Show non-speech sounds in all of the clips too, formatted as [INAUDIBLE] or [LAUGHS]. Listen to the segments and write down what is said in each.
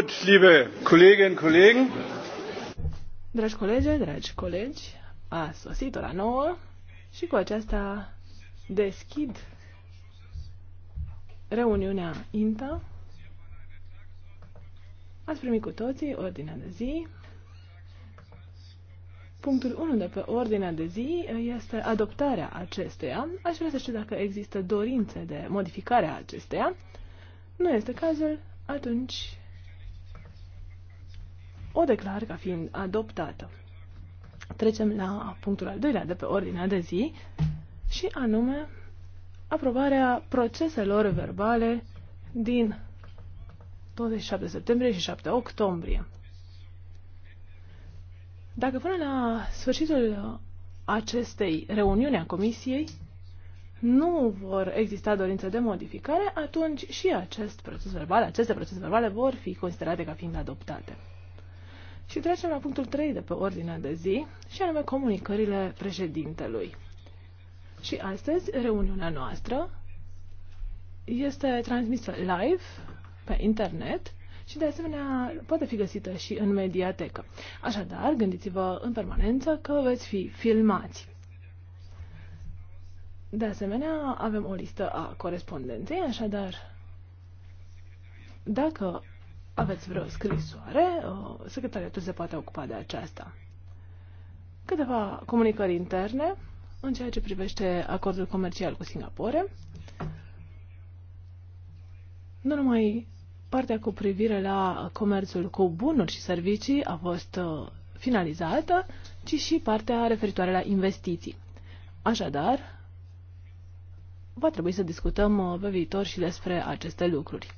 Gut, liebe Kolleginnen und Kollegen. Dragi colegi, dragi colegi, a sosit ora nouă și cu aceasta deschid reuniunea INTA. Ați primit cu toții ordinea de zi. Punctul 1 de pe ordinea de zi este adoptarea acesteia. Aș vrea să știu dacă există dorințe de modificare a acesteia. Nu este cazul, atunci o declar ca fiind adoptată. Trecem la punctul al doilea de pe ordinea de zi și anume aprobarea proceselor verbale din 27 septembrie și 7 octombrie. Dacă până la sfârșitul acestei reuniuni a Comisiei nu vor exista dorințe de modificare, atunci și acest proces verbal, aceste procese verbale vor fi considerate ca fiind adoptate. Și trecem la punctul 3 de pe ordinea de zi, și anume comunicările președintelui. Și astăzi, reuniunea noastră este transmisă live pe internet și de asemenea poate fi găsită și în mediatecă. Așadar, gândiți-vă în permanență că veți fi filmați. De asemenea, avem o listă a corespondenței, așadar, dacă aveți vreo scrisoare, secretariatul se poate ocupa de aceasta. Câteva comunicări interne în ceea ce privește acordul comercial cu Singapore. Nu numai partea cu privire la comerțul cu bunuri și servicii a fost uh, finalizată, ci și partea referitoare la investiții. Așadar, va trebui să discutăm uh, pe viitor și despre aceste lucruri.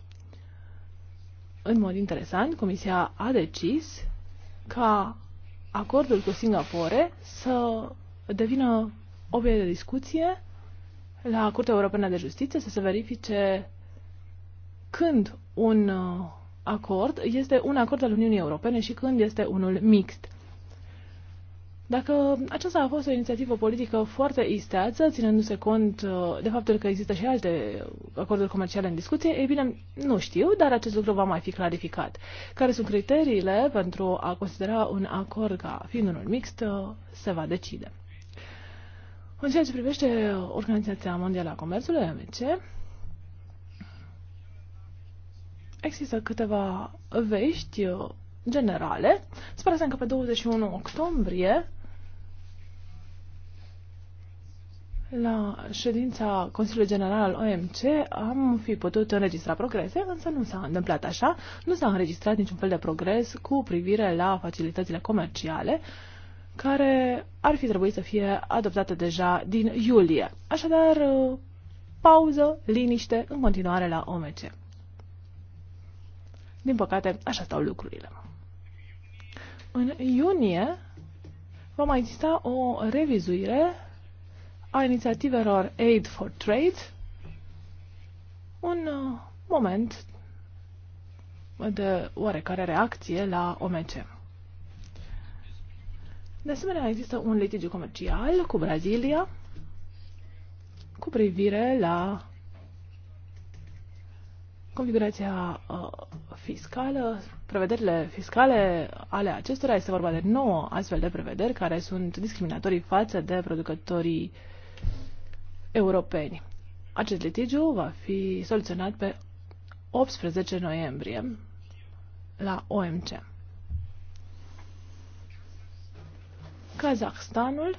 În mod interesant, Comisia a decis ca acordul cu Singapore să devină obiect de discuție la Curtea Europeană de Justiție, să se verifice când un uh, acord este un acord al Uniunii Europene și când este unul mixt. Dacă aceasta a fost o inițiativă politică foarte isteață, ținându-se cont uh, de faptul că există și alte acorduri comerciale în discuție, ei bine, nu știu, dar acest lucru va mai fi clarificat. Care sunt criteriile pentru a considera un acord ca fiind unul mixt, uh, se va decide. În ceea ce privește Organizația Mondială a Comerțului, OMC, există câteva vești uh, generale. Spre să încă pe 21 octombrie La ședința Consiliului General al OMC am fi putut înregistra progrese, însă nu s-a întâmplat așa, nu s-a înregistrat niciun fel de progres cu privire la facilitățile comerciale care ar fi trebuit să fie adoptate deja din iulie. Așadar, pauză, liniște, în continuare la OMC. Din păcate, așa stau lucrurile. În iunie va mai exista o revizuire a inițiativelor Aid for Trade, un uh, moment de oarecare reacție la OMC. De asemenea, există un litigiu comercial cu Brazilia cu privire la configurația uh, fiscală, prevederile fiscale ale acestora. Este vorba de nouă astfel de prevederi care sunt discriminatorii față de producătorii uh, europeni. Acest litigiu va fi soluționat pe 18 noiembrie la OMC. Kazahstanul,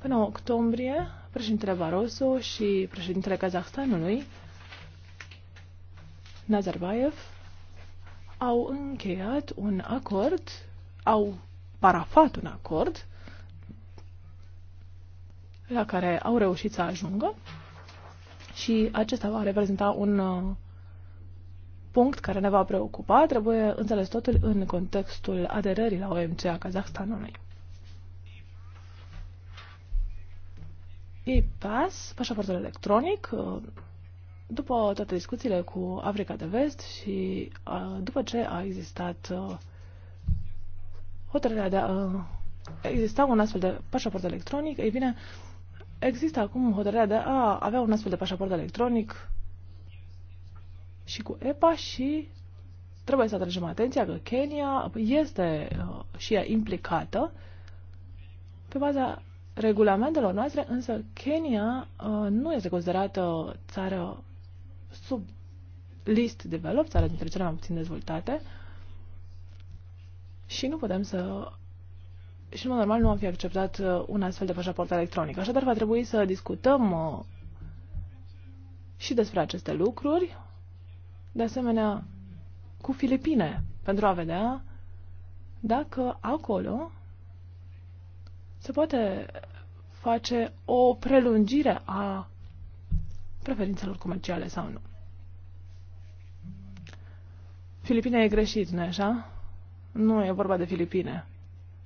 până octombrie, președintele Barroso și președintele Kazahstanului, Nazarbayev, au încheiat un acord, au parafat un acord la care au reușit să ajungă și acesta va reprezenta un uh, punct care ne va preocupa. Trebuie înțeles totul în contextul aderării la OMC a Kazahstanului. e pas pașaportul electronic, uh, după toate discuțiile cu Africa de Vest și uh, după ce a existat hotărârea de a exista un astfel de pașaport electronic, ei bine, Există acum hotărârea de a avea un astfel de pașaport electronic și cu EPA și trebuie să atragem atenția că Kenya este uh, și ea implicată pe baza regulamentelor noastre, însă Kenya uh, nu este considerată țară sub list developed, țară dintre cele mai puțin dezvoltate și nu putem să și în mod normal nu am fi acceptat uh, un astfel de pașaport electronic. Așadar va trebui să discutăm uh, și despre aceste lucruri, de asemenea cu Filipine, pentru a vedea dacă acolo se poate face o prelungire a preferințelor comerciale sau nu. Filipine e greșit, nu așa? Nu e vorba de Filipine.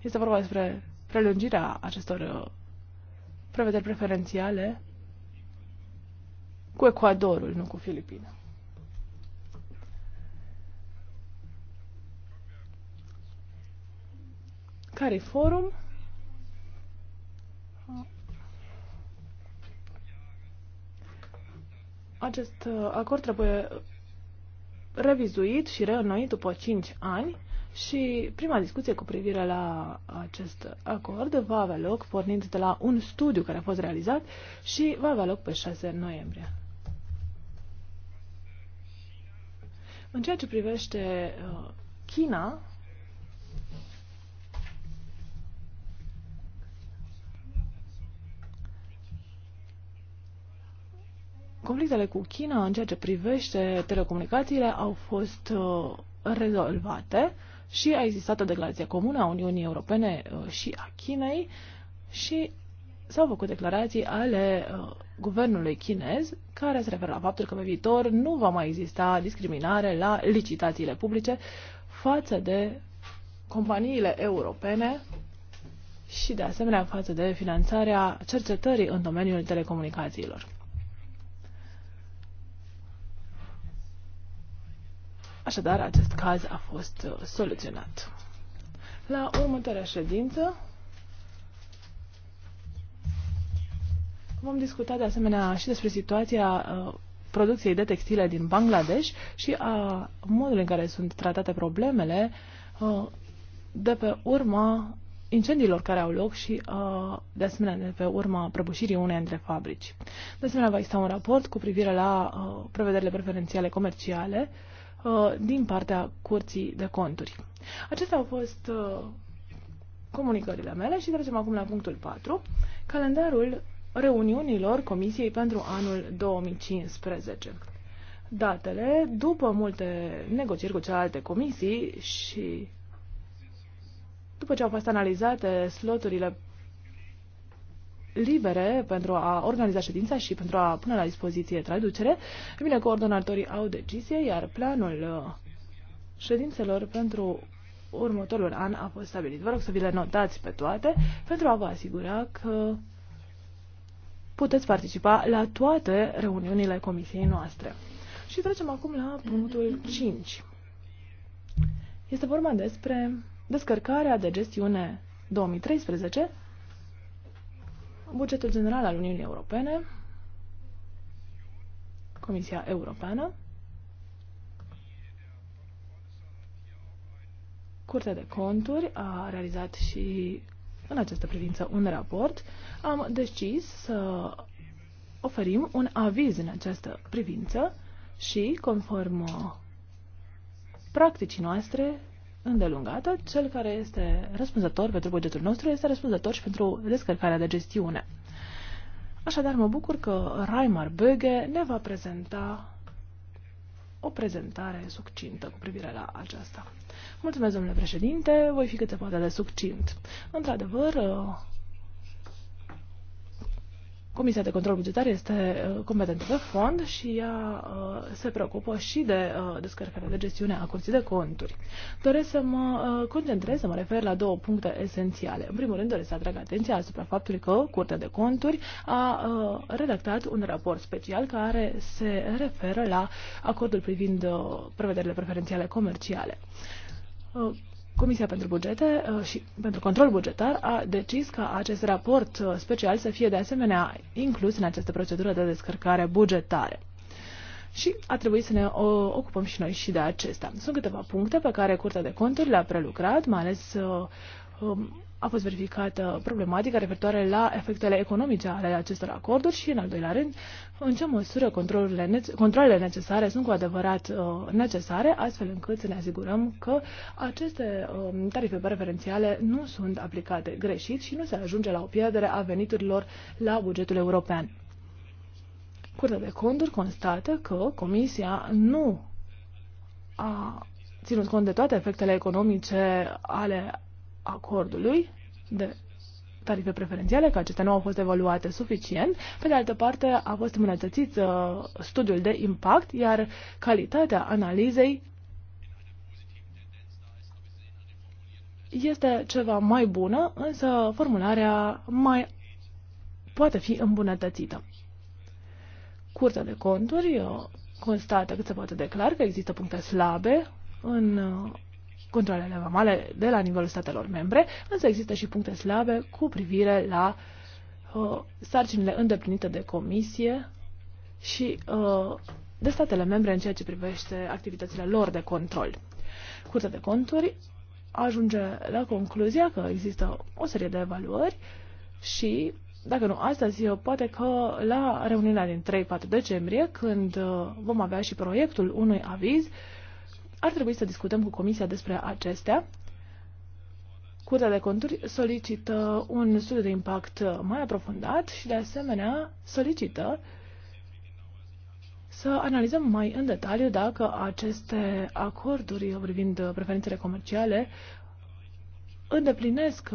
Este vorba despre prelungirea acestor uh, prevederi preferențiale cu Ecuadorul, nu cu Filipina. Care forum? Acest uh, acord trebuie revizuit și reînnoit după 5 ani și prima discuție cu privire la acest acord va avea loc pornind de la un studiu care a fost realizat și va avea loc pe 6 noiembrie. În ceea ce privește uh, China, conflictele cu China în ceea ce privește telecomunicațiile au fost uh, rezolvate și a existat o declarație comună a Uniunii Europene uh, și a Chinei și s-au făcut declarații ale uh, guvernului chinez care se referă la faptul că pe viitor nu va mai exista discriminare la licitațiile publice față de companiile europene și de asemenea față de finanțarea cercetării în domeniul telecomunicațiilor. Așadar, acest caz a fost uh, soluționat. La următoarea ședință vom discuta de asemenea și despre situația uh, producției de textile din Bangladesh și a modului în care sunt tratate problemele uh, de pe urma incendiilor care au loc și, de asemenea, de pe urma prăbușirii unei dintre fabrici. De asemenea, va exista un raport cu privire la prevederile preferențiale comerciale Uh, din partea Curții de Conturi. Acestea au fost uh, comunicările mele și trecem acum la punctul 4, calendarul reuniunilor Comisiei pentru anul 2015. Datele, după multe negocieri cu celelalte comisii și după ce au fost analizate sloturile libere pentru a organiza ședința și pentru a pune la dispoziție traducere. E bine, coordonatorii au decizie, iar planul uh, ședințelor pentru următorul an a fost stabilit. Vă rog să vi le notați pe toate pentru a vă asigura că puteți participa la toate reuniunile comisiei noastre. Și trecem acum la punctul 5. Este vorba despre descărcarea de gestiune 2013 bugetul general al Uniunii Europene, Comisia Europeană, Curtea de Conturi a realizat și în această privință un raport. Am decis să oferim un aviz în această privință și, conform practicii noastre, îndelungată, cel care este răspunzător pentru bugetul nostru este răspunzător și pentru descărcarea de gestiune. Așadar, mă bucur că Raimar Böge ne va prezenta o prezentare succintă cu privire la aceasta. Mulțumesc, domnule președinte, voi fi cât poate de succint. Într-adevăr, Comisia de Control Bugetar este uh, competentă pe fond și ea uh, se preocupă și de uh, descărcarea de gestiune a Curții de Conturi. Doresc să mă concentrez, să mă refer la două puncte esențiale. În primul rând, doresc să atrag atenția asupra faptului că Curtea de Conturi a redactat un raport special care se referă la acordul privind prevederile preferențiale comerciale. Comisia pentru Bugete uh, și pentru Control Bugetar a decis ca acest raport uh, special să fie de asemenea inclus în această procedură de descărcare bugetare. Și a trebuit să ne ocupăm și noi și de acesta. Sunt câteva puncte pe care Curtea de Conturi le-a prelucrat, mai ales uh, Um, a fost verificată problematica referitoare la efectele economice ale acestor acorduri și, în al doilea rând, în ce măsură controlele, controlele necesare sunt cu adevărat uh, necesare, astfel încât să ne asigurăm că aceste uh, tarife preferențiale nu sunt aplicate greșit și nu se ajunge la o pierdere a veniturilor la bugetul european. Curtea de conturi constată că Comisia nu a ținut cont de toate efectele economice ale acordului de tarife preferențiale, că acestea nu au fost evaluate suficient. Pe de altă parte, a fost îmbunătățit uh, studiul de impact, iar calitatea analizei este ceva mai bună, însă formularea mai poate fi îmbunătățită. Curtea de conturi uh, constată cât se poate declar că există puncte slabe în uh, controlele vamale de la nivelul statelor membre, însă există și puncte slabe cu privire la uh, sarcinile îndeplinite de comisie și uh, de statele membre în ceea ce privește activitățile lor de control. Curtea de conturi ajunge la concluzia că există o serie de evaluări și, dacă nu astăzi, poate că la reuniunea din 3-4 decembrie, când uh, vom avea și proiectul unui aviz, uh, ar trebui să discutăm cu Comisia despre acestea. Curtea de Conturi solicită un studiu de impact mai aprofundat și, de asemenea, solicită să analizăm mai în detaliu dacă aceste acorduri privind preferințele comerciale îndeplinesc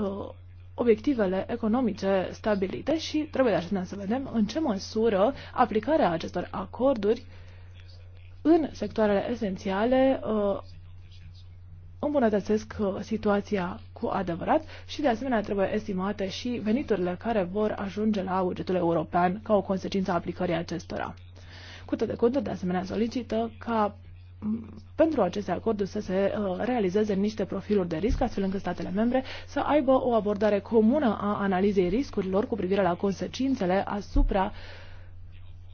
obiectivele economice stabilite și trebuie de asemenea să vedem în ce măsură aplicarea acestor acorduri în sectoarele esențiale uh, îmbunătățesc uh, situația cu adevărat și de asemenea trebuie estimate și veniturile care vor ajunge la bugetul european ca o consecință a aplicării acestora. Curtea de conturi de asemenea solicită ca mm, pentru aceste acorduri să se uh, realizeze niște profiluri de risc, astfel încât statele membre să aibă o abordare comună a analizei riscurilor cu privire la consecințele asupra uh,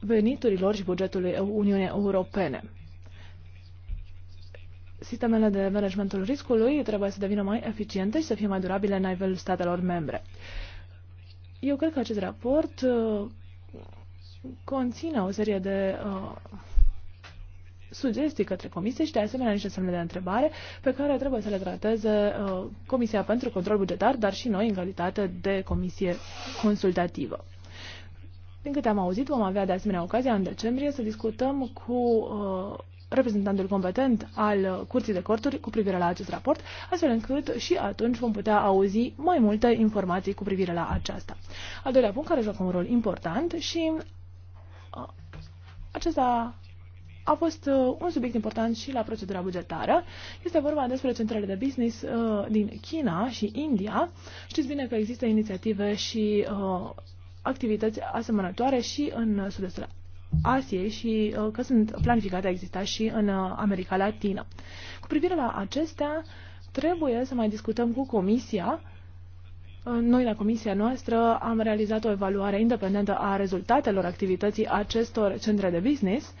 veniturilor și bugetului Uniunii Europene. Sistemele de managementul riscului trebuie să devină mai eficiente și să fie mai durabile în nivelul statelor membre. Eu cred că acest raport uh, conține o serie de uh, sugestii către comisie și de asemenea niște semne de întrebare pe care trebuie să le trateze uh, Comisia pentru Control Bugetar, dar și noi în calitate de comisie consultativă. Din câte am auzit, vom avea de asemenea ocazia în decembrie să discutăm cu uh, reprezentantul competent al uh, Curții de Corturi cu privire la acest raport, astfel încât și atunci vom putea auzi mai multe informații cu privire la aceasta. Al doilea punct care joacă un rol important și uh, acesta a fost uh, un subiect important și la procedura bugetară. Este vorba despre centrele de business uh, din China și India. Știți bine că există inițiative și uh, activități asemănătoare și în sud-estul Asiei și uh, că sunt planificate a exista și în uh, America Latină. Cu privire la acestea, trebuie să mai discutăm cu Comisia. Uh, noi, la Comisia noastră, am realizat o evaluare independentă a rezultatelor activității acestor centre de business.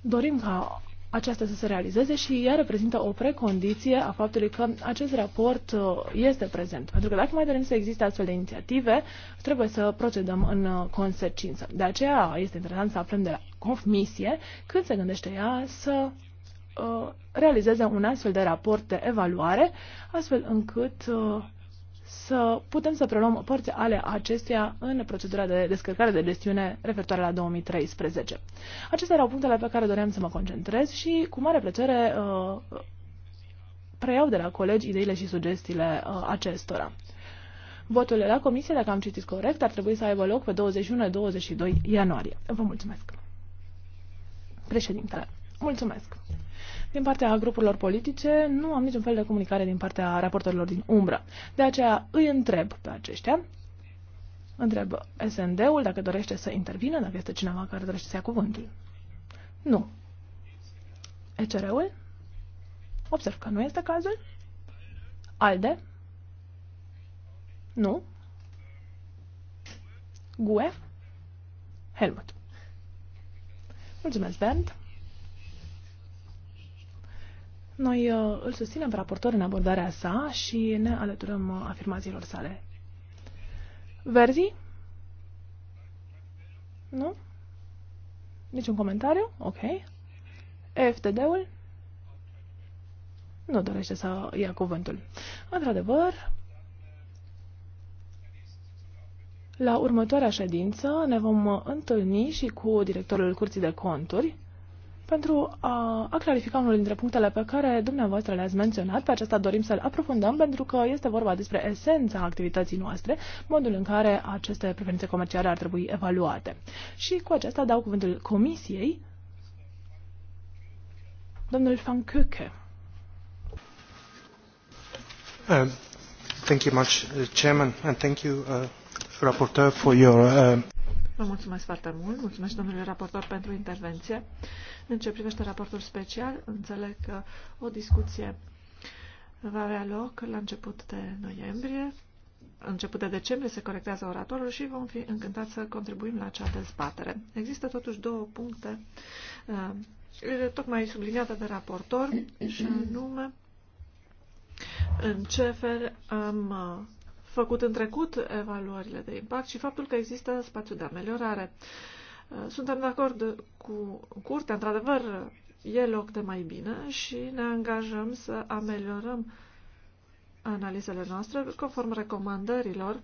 Dorim ca aceasta să se realizeze și ea reprezintă o precondiție a faptului că acest raport uh, este prezent. Pentru că dacă mai dorim să existe astfel de inițiative, trebuie să procedăm în uh, consecință. De aceea este interesant să aflăm de la comisie când se gândește ea să uh, realizeze un astfel de raport de evaluare, astfel încât să putem să preluăm părți ale acestuia în procedura de descărcare de gestiune referitoare la 2013. Acestea erau punctele pe care doream să mă concentrez și cu mare plăcere uh, preiau de la colegi ideile și sugestiile uh, acestora. Votul la comisie, dacă am citit corect, ar trebui să aibă loc pe 21-22 ianuarie. Vă mulțumesc. Președintele, mulțumesc. Din partea grupurilor politice nu am niciun fel de comunicare din partea raportorilor din umbră. De aceea îi întreb pe aceștia, întreb SND-ul dacă dorește să intervină, dacă este cineva care dorește să ia cuvântul. Nu. ECR-ul? Observ că nu este cazul. ALDE? Nu. GUE? Helmut. Mulțumesc, Bernd. Noi uh, îl susținem pe raportor în abordarea sa și ne alăturăm uh, afirmațiilor sale. Verzi? Nu? Niciun comentariu? Ok. FTD-ul? Nu dorește să ia cuvântul. Într-adevăr, la următoarea ședință ne vom uh, întâlni și cu directorul Curții de Conturi pentru a, a clarifica unul dintre punctele pe care dumneavoastră le-ați menționat. Pe acesta dorim să-l aprofundăm pentru că este vorba despre esența activității noastre, modul în care aceste preferințe comerciale ar trebui evaluate. Și cu acesta dau cuvântul Comisiei, domnul Van Köke. Uh, thank you much, uh, Chairman, and thank you, uh, Rapporteur, for your uh, Vă mulțumesc foarte mult. Mulțumesc, domnule raportor, pentru intervenție. În ce privește raportul special, înțeleg că o discuție va avea loc la început de noiembrie. Început de decembrie se corectează oratorul și vom fi încântați să contribuim la acea dezbatere. Există totuși două puncte uh, tocmai subliniate de raportor și anume în ce fel am uh, făcut în trecut evaluările de impact și faptul că există spațiu de ameliorare. Uh, suntem de acord cu curtea, într-adevăr, e loc de mai bine și ne angajăm să ameliorăm analizele noastre conform recomandărilor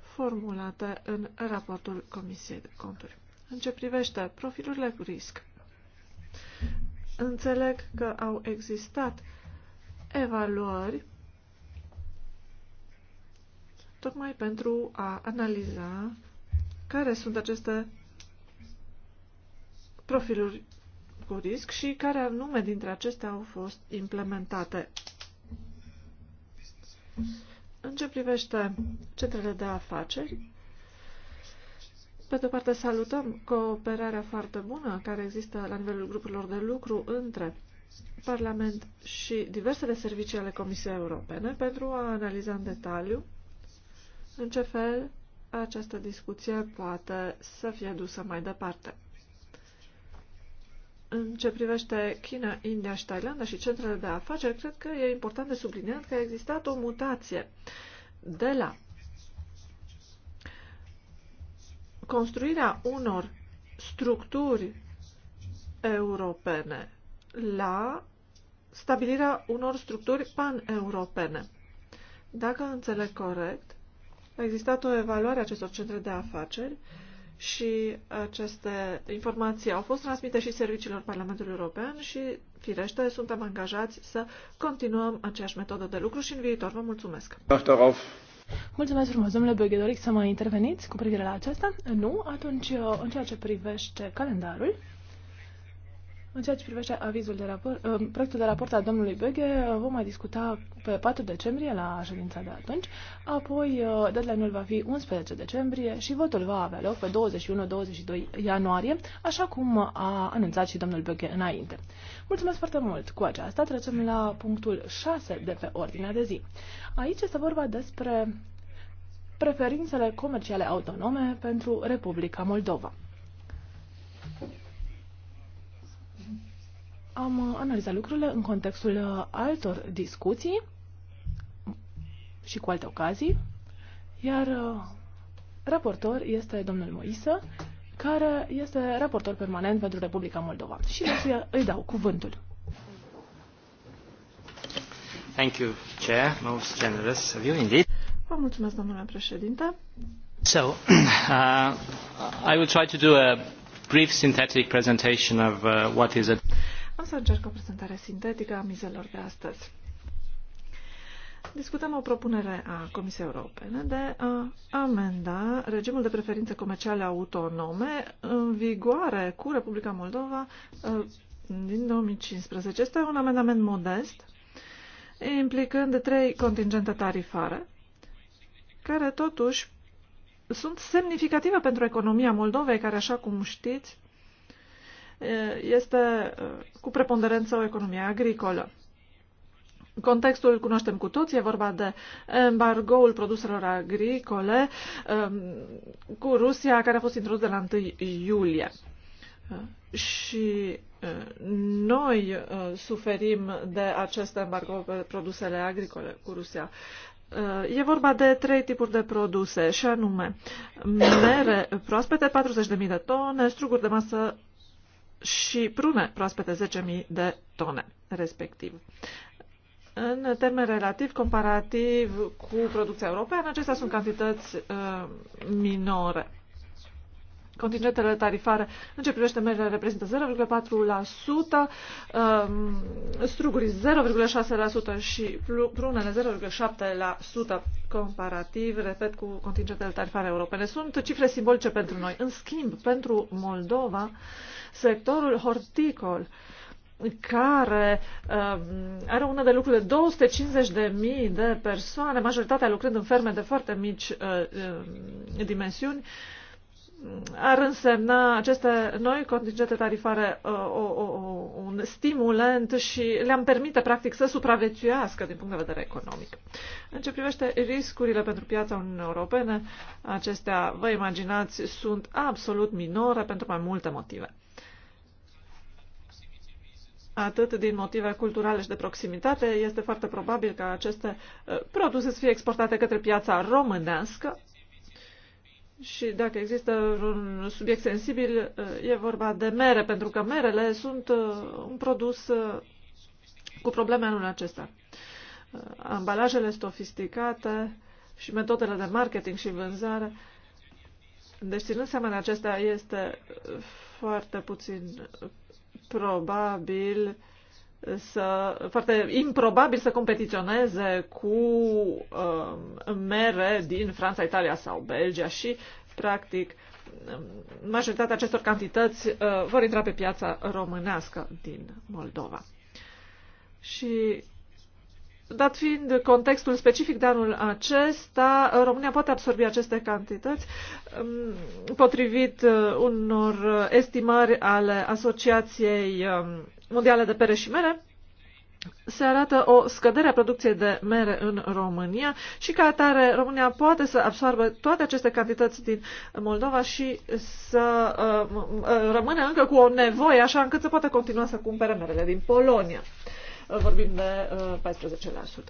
formulate în raportul Comisiei de Conturi. În ce privește profilurile cu risc, înțeleg că au existat evaluări tocmai pentru a analiza care sunt aceste profiluri cu risc și care anume dintre acestea au fost implementate. În ce privește centrele de afaceri, pe de o parte salutăm cooperarea foarte bună care există la nivelul grupurilor de lucru între Parlament și diversele servicii ale Comisiei Europene pentru a analiza în detaliu în ce fel această discuție poate să fie dusă mai departe. În ce privește China, India și Thailanda și centrele de afaceri, cred că e important de subliniat că a existat o mutație de la construirea unor structuri europene la stabilirea unor structuri pan-europene. Dacă înțeleg corect, a existat o evaluare a acestor centre de afaceri și aceste informații au fost transmite și serviciilor Parlamentului European și, firește, suntem angajați să continuăm aceeași metodă de lucru și în viitor. Vă mulțumesc! Mulțumesc frumos, domnule Böge, doriți să mai interveniți cu privire la aceasta? Nu? Atunci, în ceea ce privește calendarul, în ceea ce privește avizul de raport, uh, proiectul de raport al domnului Beghe, uh, vom mai discuta pe 4 decembrie la ședința de atunci, apoi uh, deadline-ul va fi 11 decembrie și votul va avea loc pe 21-22 ianuarie, așa cum a anunțat și domnul Beghe înainte. Mulțumesc foarte mult! Cu aceasta trecem la punctul 6 de pe ordinea de zi. Aici este vorba despre preferințele comerciale autonome pentru Republica Moldova. Am uh, analizat lucrurile în contextul uh, altor discuții și cu alte ocazii, iar uh, raportor este domnul Moisă, care este raportor permanent pentru Republica Moldova. Și de îi dau cuvântul. Thank you, Chair. Most generous of you, indeed. Vă mulțumesc, domnule președinte. So, [CLEARS THROAT] uh, I will try to do a brief synthetic presentation of uh, what is a... Am să încerc o prezentare sintetică a mizelor de astăzi. Discutăm o propunere a Comisiei Europene de a amenda regimul de preferințe comerciale autonome în vigoare cu Republica Moldova uh, din 2015. Este un amendament modest, implicând trei contingente tarifare, care totuși sunt semnificative pentru economia Moldovei, care, așa cum știți, este uh, cu preponderență o economie agricolă. Contextul îl cunoaștem cu toți, e vorba de embargoul produselor agricole um, cu Rusia, care a fost introdus de la 1 iulie. Uh, și uh, noi suferim de acest embargo pe produsele agricole cu Rusia. E vorba de trei tipuri de produse, și anume mere proaspete, 40.000 de tone, struguri de masă, și prune proaspete 10.000 de tone, respectiv. În termen relativ, comparativ cu producția europeană, acestea sunt cantități uh, minore. Contingentele tarifare în ce privește merele reprezintă 0,4%, um, struguri 0,6% și prunele 0,7% comparativ, repet, cu contingentele tarifare europene. Sunt cifre simbolice pentru noi. În schimb, pentru Moldova, uh, sectorul horticol care uh, are una de lucruri de 250.000 de persoane, majoritatea lucrând în ferme de foarte mici uh, um, dimensiuni, ar însemna aceste noi contingente tarifare uh, o, o, un stimulent și le-am permite, practic, să supraviețuiască din punct de vedere economic. În ce privește riscurile pentru piața Uniunii Europene, acestea, vă imaginați, sunt absolut minore pentru mai multe motive atât din motive culturale și de proximitate, este foarte probabil ca aceste uh, produse să fie exportate către piața românească și dacă există un subiect sensibil, uh, e vorba de mere, pentru că merele sunt uh, un produs cu probleme anul acesta. Ambalajele sofisticate și metodele de marketing și vânzare deci, ținând seama de acestea, este foarte puțin probabil să, foarte improbabil să competiționeze cu uh, mere din Franța, Italia sau Belgia și, practic, um, majoritatea acestor cantități uh, vor intra pe piața românească din Moldova. Și Dat fiind contextul specific de anul acesta, România poate absorbi aceste cantități um, potrivit uh, unor estimări ale Asociației um, Mondiale de Pere și Mere. Se arată o scădere a producției de mere în România și ca atare România poate să absorbe toate aceste cantități din Moldova și să uh, rămână încă cu o nevoie așa încât să poată continua să cumpere merele din Polonia. Uh, vorbim de 14%. Uh,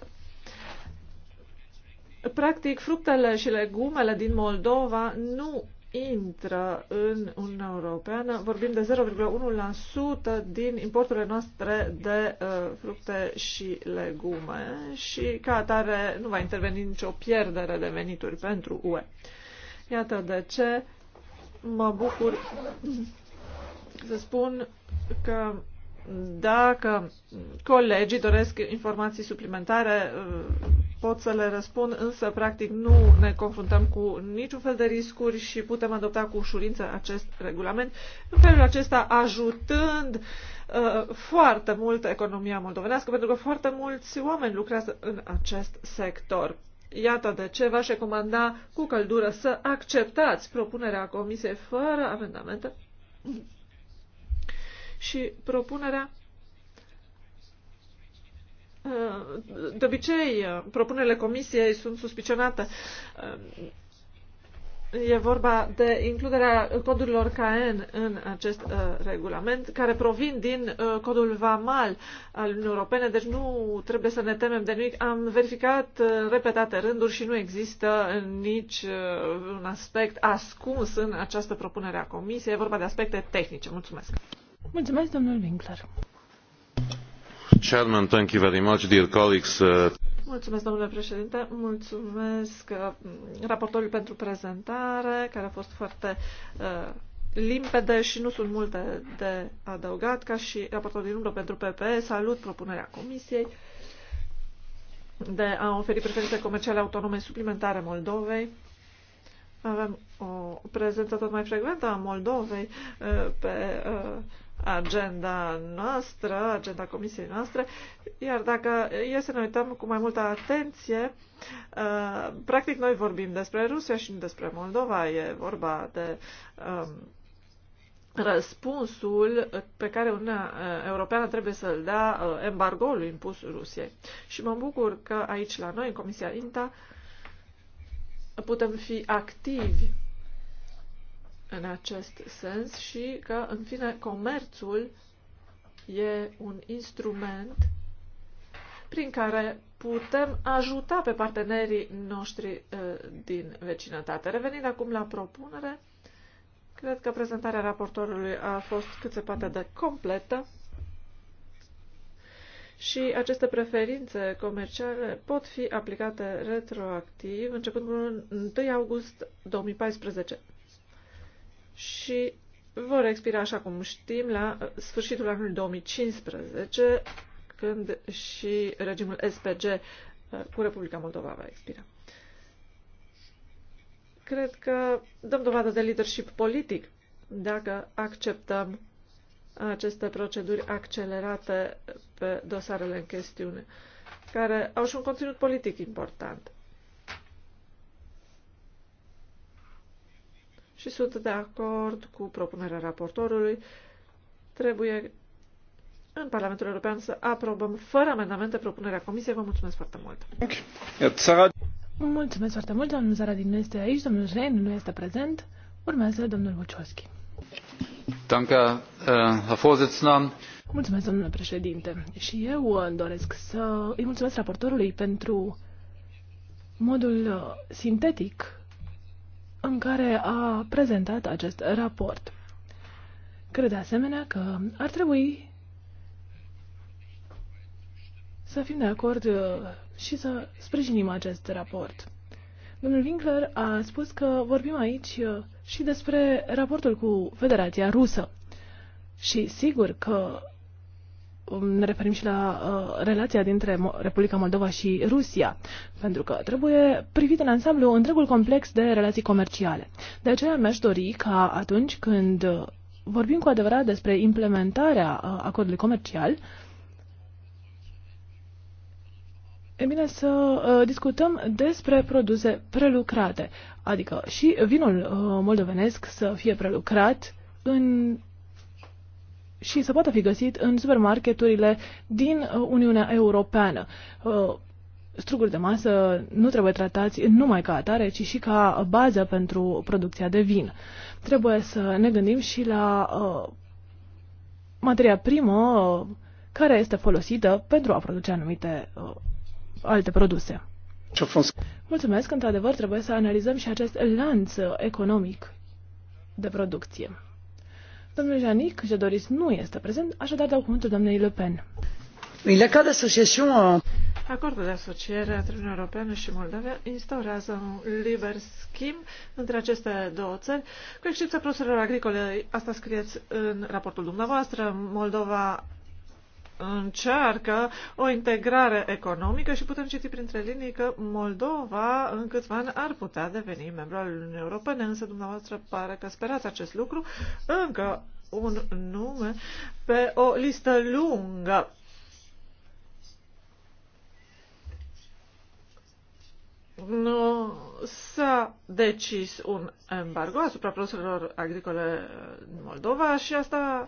Practic, fructele și legumele din Moldova nu intră în Uniunea Europeană. Vorbim de 0,1% din importurile noastre de uh, fructe și legume și ca atare nu va interveni nicio pierdere de venituri pentru UE. Iată de ce mă bucur să spun că dacă colegii doresc informații suplimentare, uh, pot să le răspund, însă, practic, nu ne confruntăm cu niciun fel de riscuri și putem adopta cu ușurință acest regulament, în felul acesta ajutând uh, foarte mult economia moldovenească, pentru că foarte mulți oameni lucrează în acest sector. Iată de ce v-aș recomanda cu căldură să acceptați propunerea Comisiei fără amendamente și propunerea uh, de obicei, uh, propunerile comisiei sunt suspicionate. Uh, e vorba de includerea codurilor KN în acest uh, regulament, care provin din uh, codul VAMAL al Uniunii Europene, deci nu trebuie să ne temem de nimic. Am verificat uh, repetate rânduri și nu există nici uh, un aspect ascuns în această propunere a Comisiei. E vorba de aspecte tehnice. Mulțumesc! Mulțumesc, domnul Winkler. Chairman, thank you very much, dear colleagues. Mulțumesc, domnule președinte. Mulțumesc uh, raportorului pentru prezentare, care a fost foarte uh, limpede și nu sunt multe de adăugat. Ca și raportor din umbră pentru PPE, salut propunerea Comisiei de a oferi preferințe comerciale autonome suplimentare Moldovei. Avem o prezență tot mai frecventă a Moldovei uh, pe agenda noastră, agenda comisiei noastre, iar dacă e să ne uităm cu mai multă atenție, uh, practic noi vorbim despre Rusia și nu despre Moldova, e vorba de um, răspunsul pe care Uniunea uh, Europeană trebuie să-l dea uh, embargoului impus Rusiei. Și mă bucur că aici la noi, în Comisia INTA, putem fi activi în acest sens și că, în fine, comerțul e un instrument prin care putem ajuta pe partenerii noștri eh, din vecinătate. Revenind acum la propunere, cred că prezentarea raportorului a fost cât se poate de completă și aceste preferințe comerciale pot fi aplicate retroactiv începând cu 1 august 2014 și vor expira, așa cum știm, la sfârșitul anului 2015, când și regimul SPG uh, cu Republica Moldova va expira. Cred că dăm dovadă de leadership politic dacă acceptăm aceste proceduri accelerate pe dosarele în chestiune, care au și un conținut politic important. și sunt de acord cu propunerea raportorului. Trebuie în Parlamentul European să aprobăm fără amendamente propunerea Comisiei. Vă mulțumesc foarte mult! Mulțumesc foarte mult, domnul Zaradin nu este aici, domnul Jrein nu este prezent. Urmează domnul Wojciowski. Äh, mulțumesc, domnule președinte. Și eu uh, doresc să îi mulțumesc raportorului pentru modul uh, sintetic în care a prezentat acest raport. Cred de asemenea că ar trebui să fim de acord uh, și să sprijinim acest raport. Domnul Winkler a spus că vorbim aici uh, și despre raportul cu Federația Rusă. Și sigur că Um, ne referim și la uh, relația dintre Republica Moldova și Rusia, pentru că trebuie privit în ansamblu întregul complex de relații comerciale. De aceea mi-aș dori ca atunci când uh, vorbim cu adevărat despre implementarea uh, acordului comercial, e bine să uh, discutăm despre produse prelucrate, adică și vinul uh, moldovenesc să fie prelucrat în și se poate fi găsit în supermarketurile din uh, Uniunea Europeană. Uh, struguri de masă nu trebuie tratați numai ca atare, ci și ca bază pentru producția de vin. Trebuie să ne gândim și la uh, materia primă care este folosită pentru a produce anumite alte produse. Mulțumesc, într-adevăr, trebuie să analizăm și acest lanț economic de producție. Domnul Janic, ce doriți, nu este prezent, așadar dau cuvântul doamnei Le Pen. Euh, Acordul de asociere a Uniunea Europeană și Moldavia instaurează un liber schimb între aceste două țări, cu excepția produselor agricole. Asta scrieți în raportul dumneavoastră. Moldova încearcă o integrare economică și putem citi printre linii că Moldova în câțiva ani ar putea deveni membru al Uniunii Europene, însă dumneavoastră pare că sperați acest lucru încă un nume pe o listă lungă. Nu s-a decis un embargo asupra produselor agricole din Moldova și asta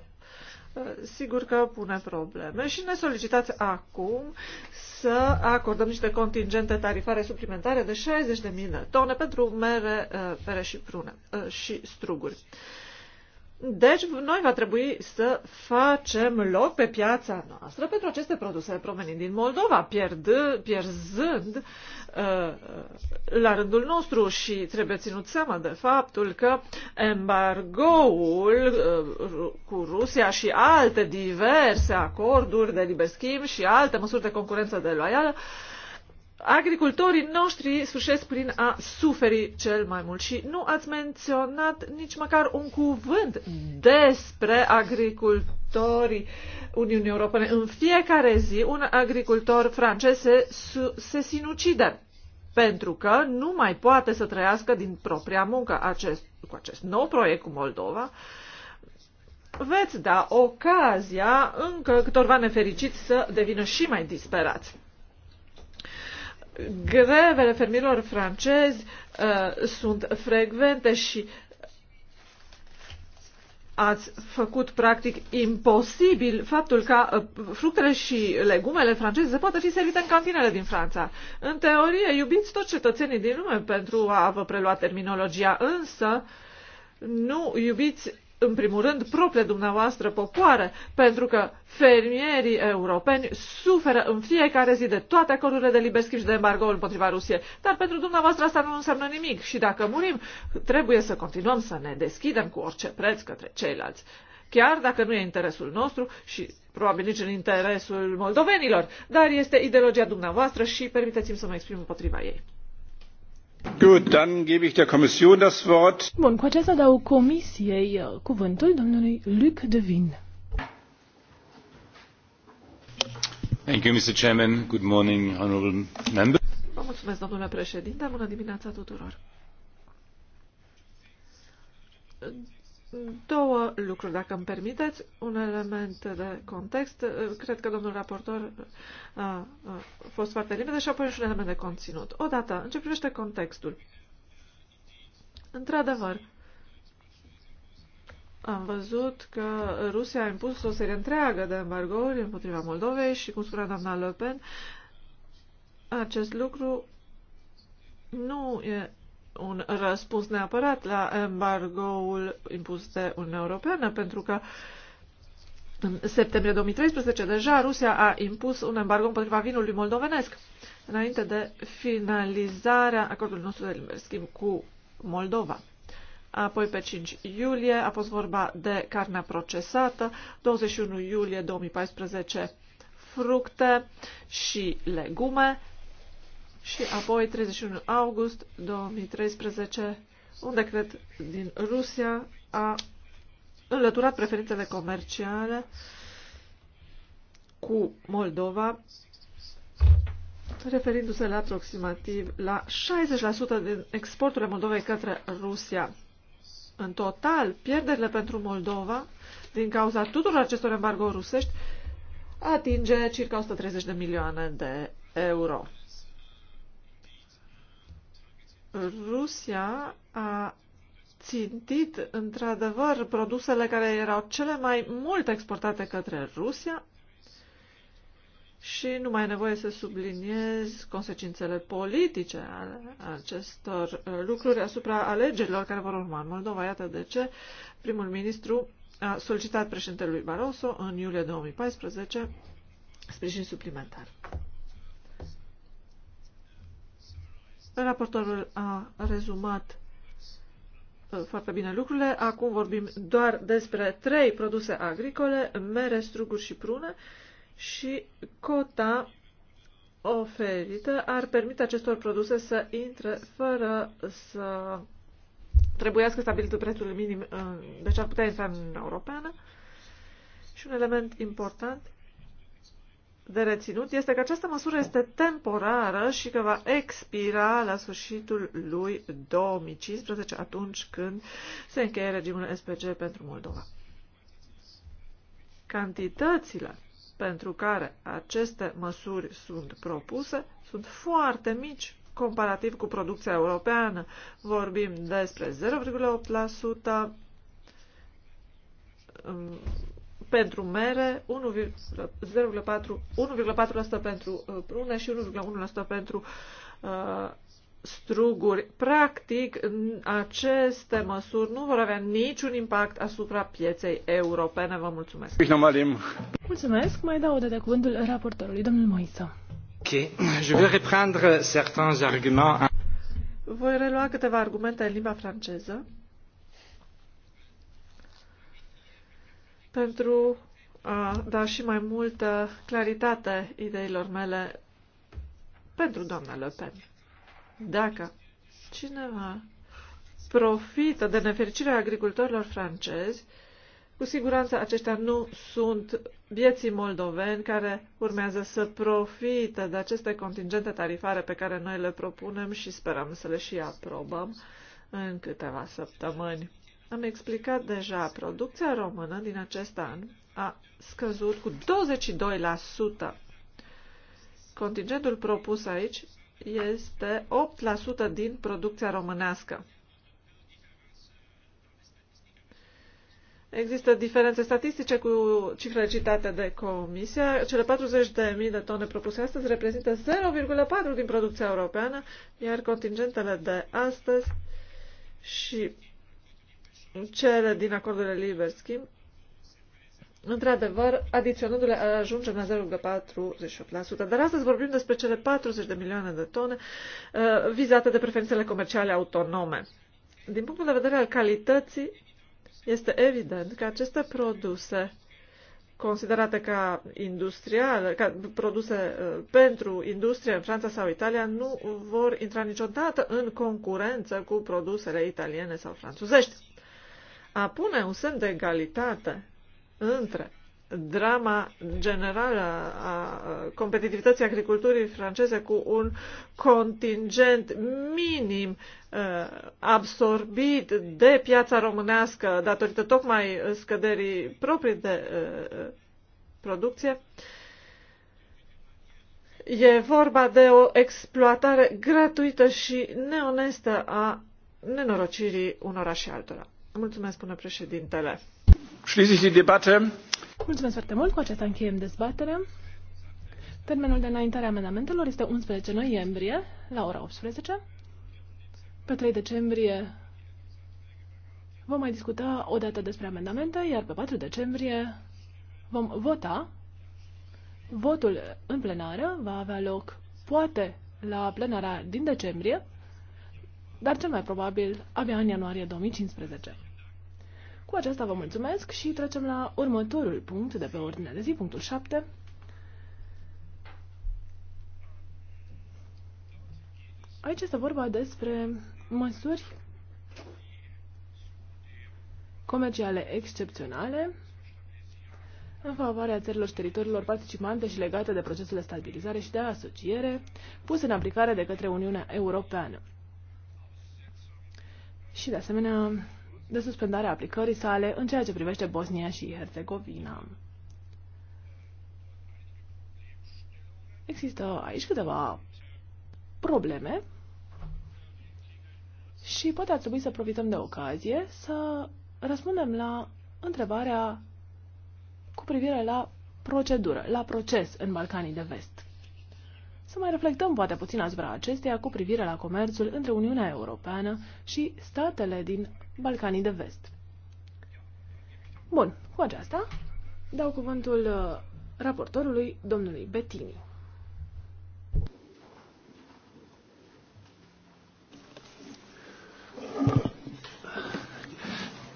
Eh, sigur că pune probleme și ne solicitați acum să acordăm niște contingente tarifare suplimentare de 60.000 de tone pentru mere, eh, pere și prune eh, și struguri. Deci, noi va trebui să facem loc pe piața noastră pentru aceste produse provenind din Moldova, pierd, pierzând uh, la rândul nostru și trebuie ținut seama de faptul că embargoul uh, cu Rusia și alte diverse acorduri de liber schimb și alte măsuri de concurență de loială uh, agricultorii noștri sfârșesc prin a suferi cel mai mult și nu ați menționat nici măcar un cuvânt despre agricultorii Uniunii Europene. În fiecare zi, un agricultor francez se, se sinucide pentru că nu mai poate să trăiască din propria muncă. Acest, cu acest nou proiect cu Moldova, veți da ocazia încă câtorva nefericiți să devină și mai disperați grevele fermierilor francezi uh, sunt frecvente și ați făcut practic imposibil faptul ca uh, fructele și legumele franceze să poată fi servite în cantinele din Franța. În teorie, iubiți toți cetățenii din lume pentru a vă prelua terminologia, însă nu iubiți în primul rând, propriile dumneavoastră popoare, pentru că fermierii europeni suferă în fiecare zi de toate acordurile de liber schimb și de embargo împotriva Rusiei. Dar pentru dumneavoastră asta nu înseamnă nimic și dacă murim, trebuie să continuăm să ne deschidem cu orice preț către ceilalți. Chiar dacă nu e interesul nostru și probabil nici în interesul moldovenilor, dar este ideologia dumneavoastră și permiteți-mi să mă exprim împotriva ei. Bun, cu acesta dau comisiei uh, cuvântul domnului Luc Devin. Thank you, Mr. Chairman. Good morning, honorable members. Vă mulțumesc, domnule președinte. Bună dimineața tuturor două lucruri, dacă îmi permiteți, un element de context. Cred că domnul raportor uh, uh, a fost foarte limpede și apoi și un element de conținut. Odată, în ce privește contextul. Într-adevăr, am văzut că Rusia a impus o serie întreagă de embargouri împotriva Moldovei și, cum spunea doamna Le Pen, acest lucru nu e un răspuns neapărat la embargoul impus de Uniunea Europeană, pentru că în septembrie 2013 deja Rusia a impus un embargo împotriva vinului moldovenesc, înainte de finalizarea acordului nostru de liber schimb cu Moldova. Apoi, pe 5 iulie, a fost vorba de carnea procesată, 21 iulie 2014, fructe și legume, și apoi 31 august 2013 un decret din Rusia a înlăturat preferințele comerciale cu Moldova, referindu-se la aproximativ la 60% din exporturile Moldovei către Rusia. În total, pierderile pentru Moldova, din cauza tuturor acestor embargo rusești, atinge circa 130 de milioane de euro. Rusia a țintit într-adevăr produsele care erau cele mai mult exportate către Rusia și nu mai e nevoie să subliniez consecințele politice ale acestor uh, lucruri asupra alegerilor care vor urma în Moldova. Iată de ce primul ministru a solicitat președintelui Barroso în iulie 2014 sprijin suplimentar. Raportorul a rezumat uh, foarte bine lucrurile. Acum vorbim doar despre trei produse agricole, mere, struguri și prune și cota oferită ar permite acestor produse să intre fără să trebuiască stabilit prețul minim, uh, deci ar putea intra în Europeană. Și un element important de reținut este că această măsură este temporară și că va expira la sfârșitul lui 2015, atunci când se încheie regimul SPG pentru Moldova. Cantitățile pentru care aceste măsuri sunt propuse sunt foarte mici comparativ cu producția europeană. Vorbim despre 0,8% pentru mere, 1,4% pentru uh, prune și 1,1% pentru uh, struguri. Practic, aceste măsuri nu vor avea niciun impact asupra pieței europene. Vă mulțumesc! Mulțumesc! Mai dau de cuvântul raportorului, domnul Moisa. Ok, je vais reprendre certains arguments. Voi relua câteva argumente în limba franceză pentru a da și mai multă claritate ideilor mele pentru doamna Le Pen. Dacă cineva profită de nefericirea agricultorilor francezi, cu siguranță aceștia nu sunt vieții moldoveni care urmează să profită de aceste contingente tarifare pe care noi le propunem și sperăm să le și aprobăm în câteva săptămâni. Am explicat deja, producția română din acest an a scăzut cu 22%. Contingentul propus aici este 8% din producția românească. Există diferențe statistice cu cifrele citate de Comisia. Cele 40.000 de tone propuse astăzi reprezintă 0,4 din producția europeană, iar contingentele de astăzi și cere din acordurile liber schimb, într-adevăr, adiționându-le, ajungem la 0,48%. Dar astăzi vorbim despre cele 40 de milioane de tone uh, vizate de preferințele comerciale autonome. Din punctul de vedere al calității, este evident că aceste produse considerate ca industriale, ca produse uh, pentru industrie în Franța sau Italia, nu vor intra niciodată în concurență cu produsele italiene sau franțuzești a pune un semn de egalitate între drama generală a competitivității agriculturii franceze cu un contingent minim uh, absorbit de piața românească datorită tocmai scăderii proprii de uh, uh, producție. E vorba de o exploatare gratuită și neonestă a nenorocirii unora și altora. Mulțumesc, până președintele. Schließe die Debatte. Mulțumesc foarte mult. Cu acesta încheiem dezbaterea. Termenul de înaintare a amendamentelor este 11 noiembrie la ora 18. Pe 3 decembrie vom mai discuta o dată despre amendamente, iar pe 4 decembrie vom vota. Votul în plenară va avea loc poate la plenara din decembrie, dar cel mai probabil abia în ianuarie 2015. Cu aceasta vă mulțumesc și trecem la următorul punct de pe ordinea de zi, punctul 7. Aici este vorba despre măsuri comerciale excepționale în favoarea țărilor și teritoriilor participante și legate de procesul de stabilizare și de asociere pus în aplicare de către Uniunea Europeană. Și, de asemenea, de suspendare a aplicării sale în ceea ce privește Bosnia și Herțegovina. Există aici câteva probleme și poate ar trebui să profităm de ocazie să răspundem la întrebarea cu privire la procedură, la proces în Balcanii de Vest. Să mai reflectăm poate puțin asupra acesteia cu privire la comerțul între Uniunea Europeană și statele din Balcanii de Vest. Bun, cu aceasta dau cuvântul uh, raportorului domnului Bettini.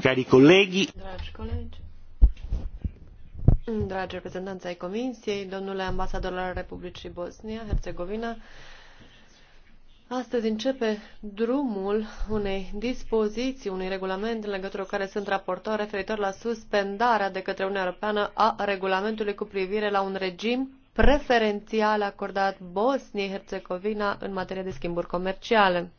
Cari colegi, Dragi colegi, Dragi reprezentanți ai Comisiei, domnule ambasador al Republicii bosnia herțegovina Astăzi începe drumul unei dispoziții, unui regulament în legătură cu care sunt raportor referitor la suspendarea de către Uniunea Europeană a regulamentului cu privire la un regim preferențial acordat bosniei herțegovina în materie de schimburi comerciale.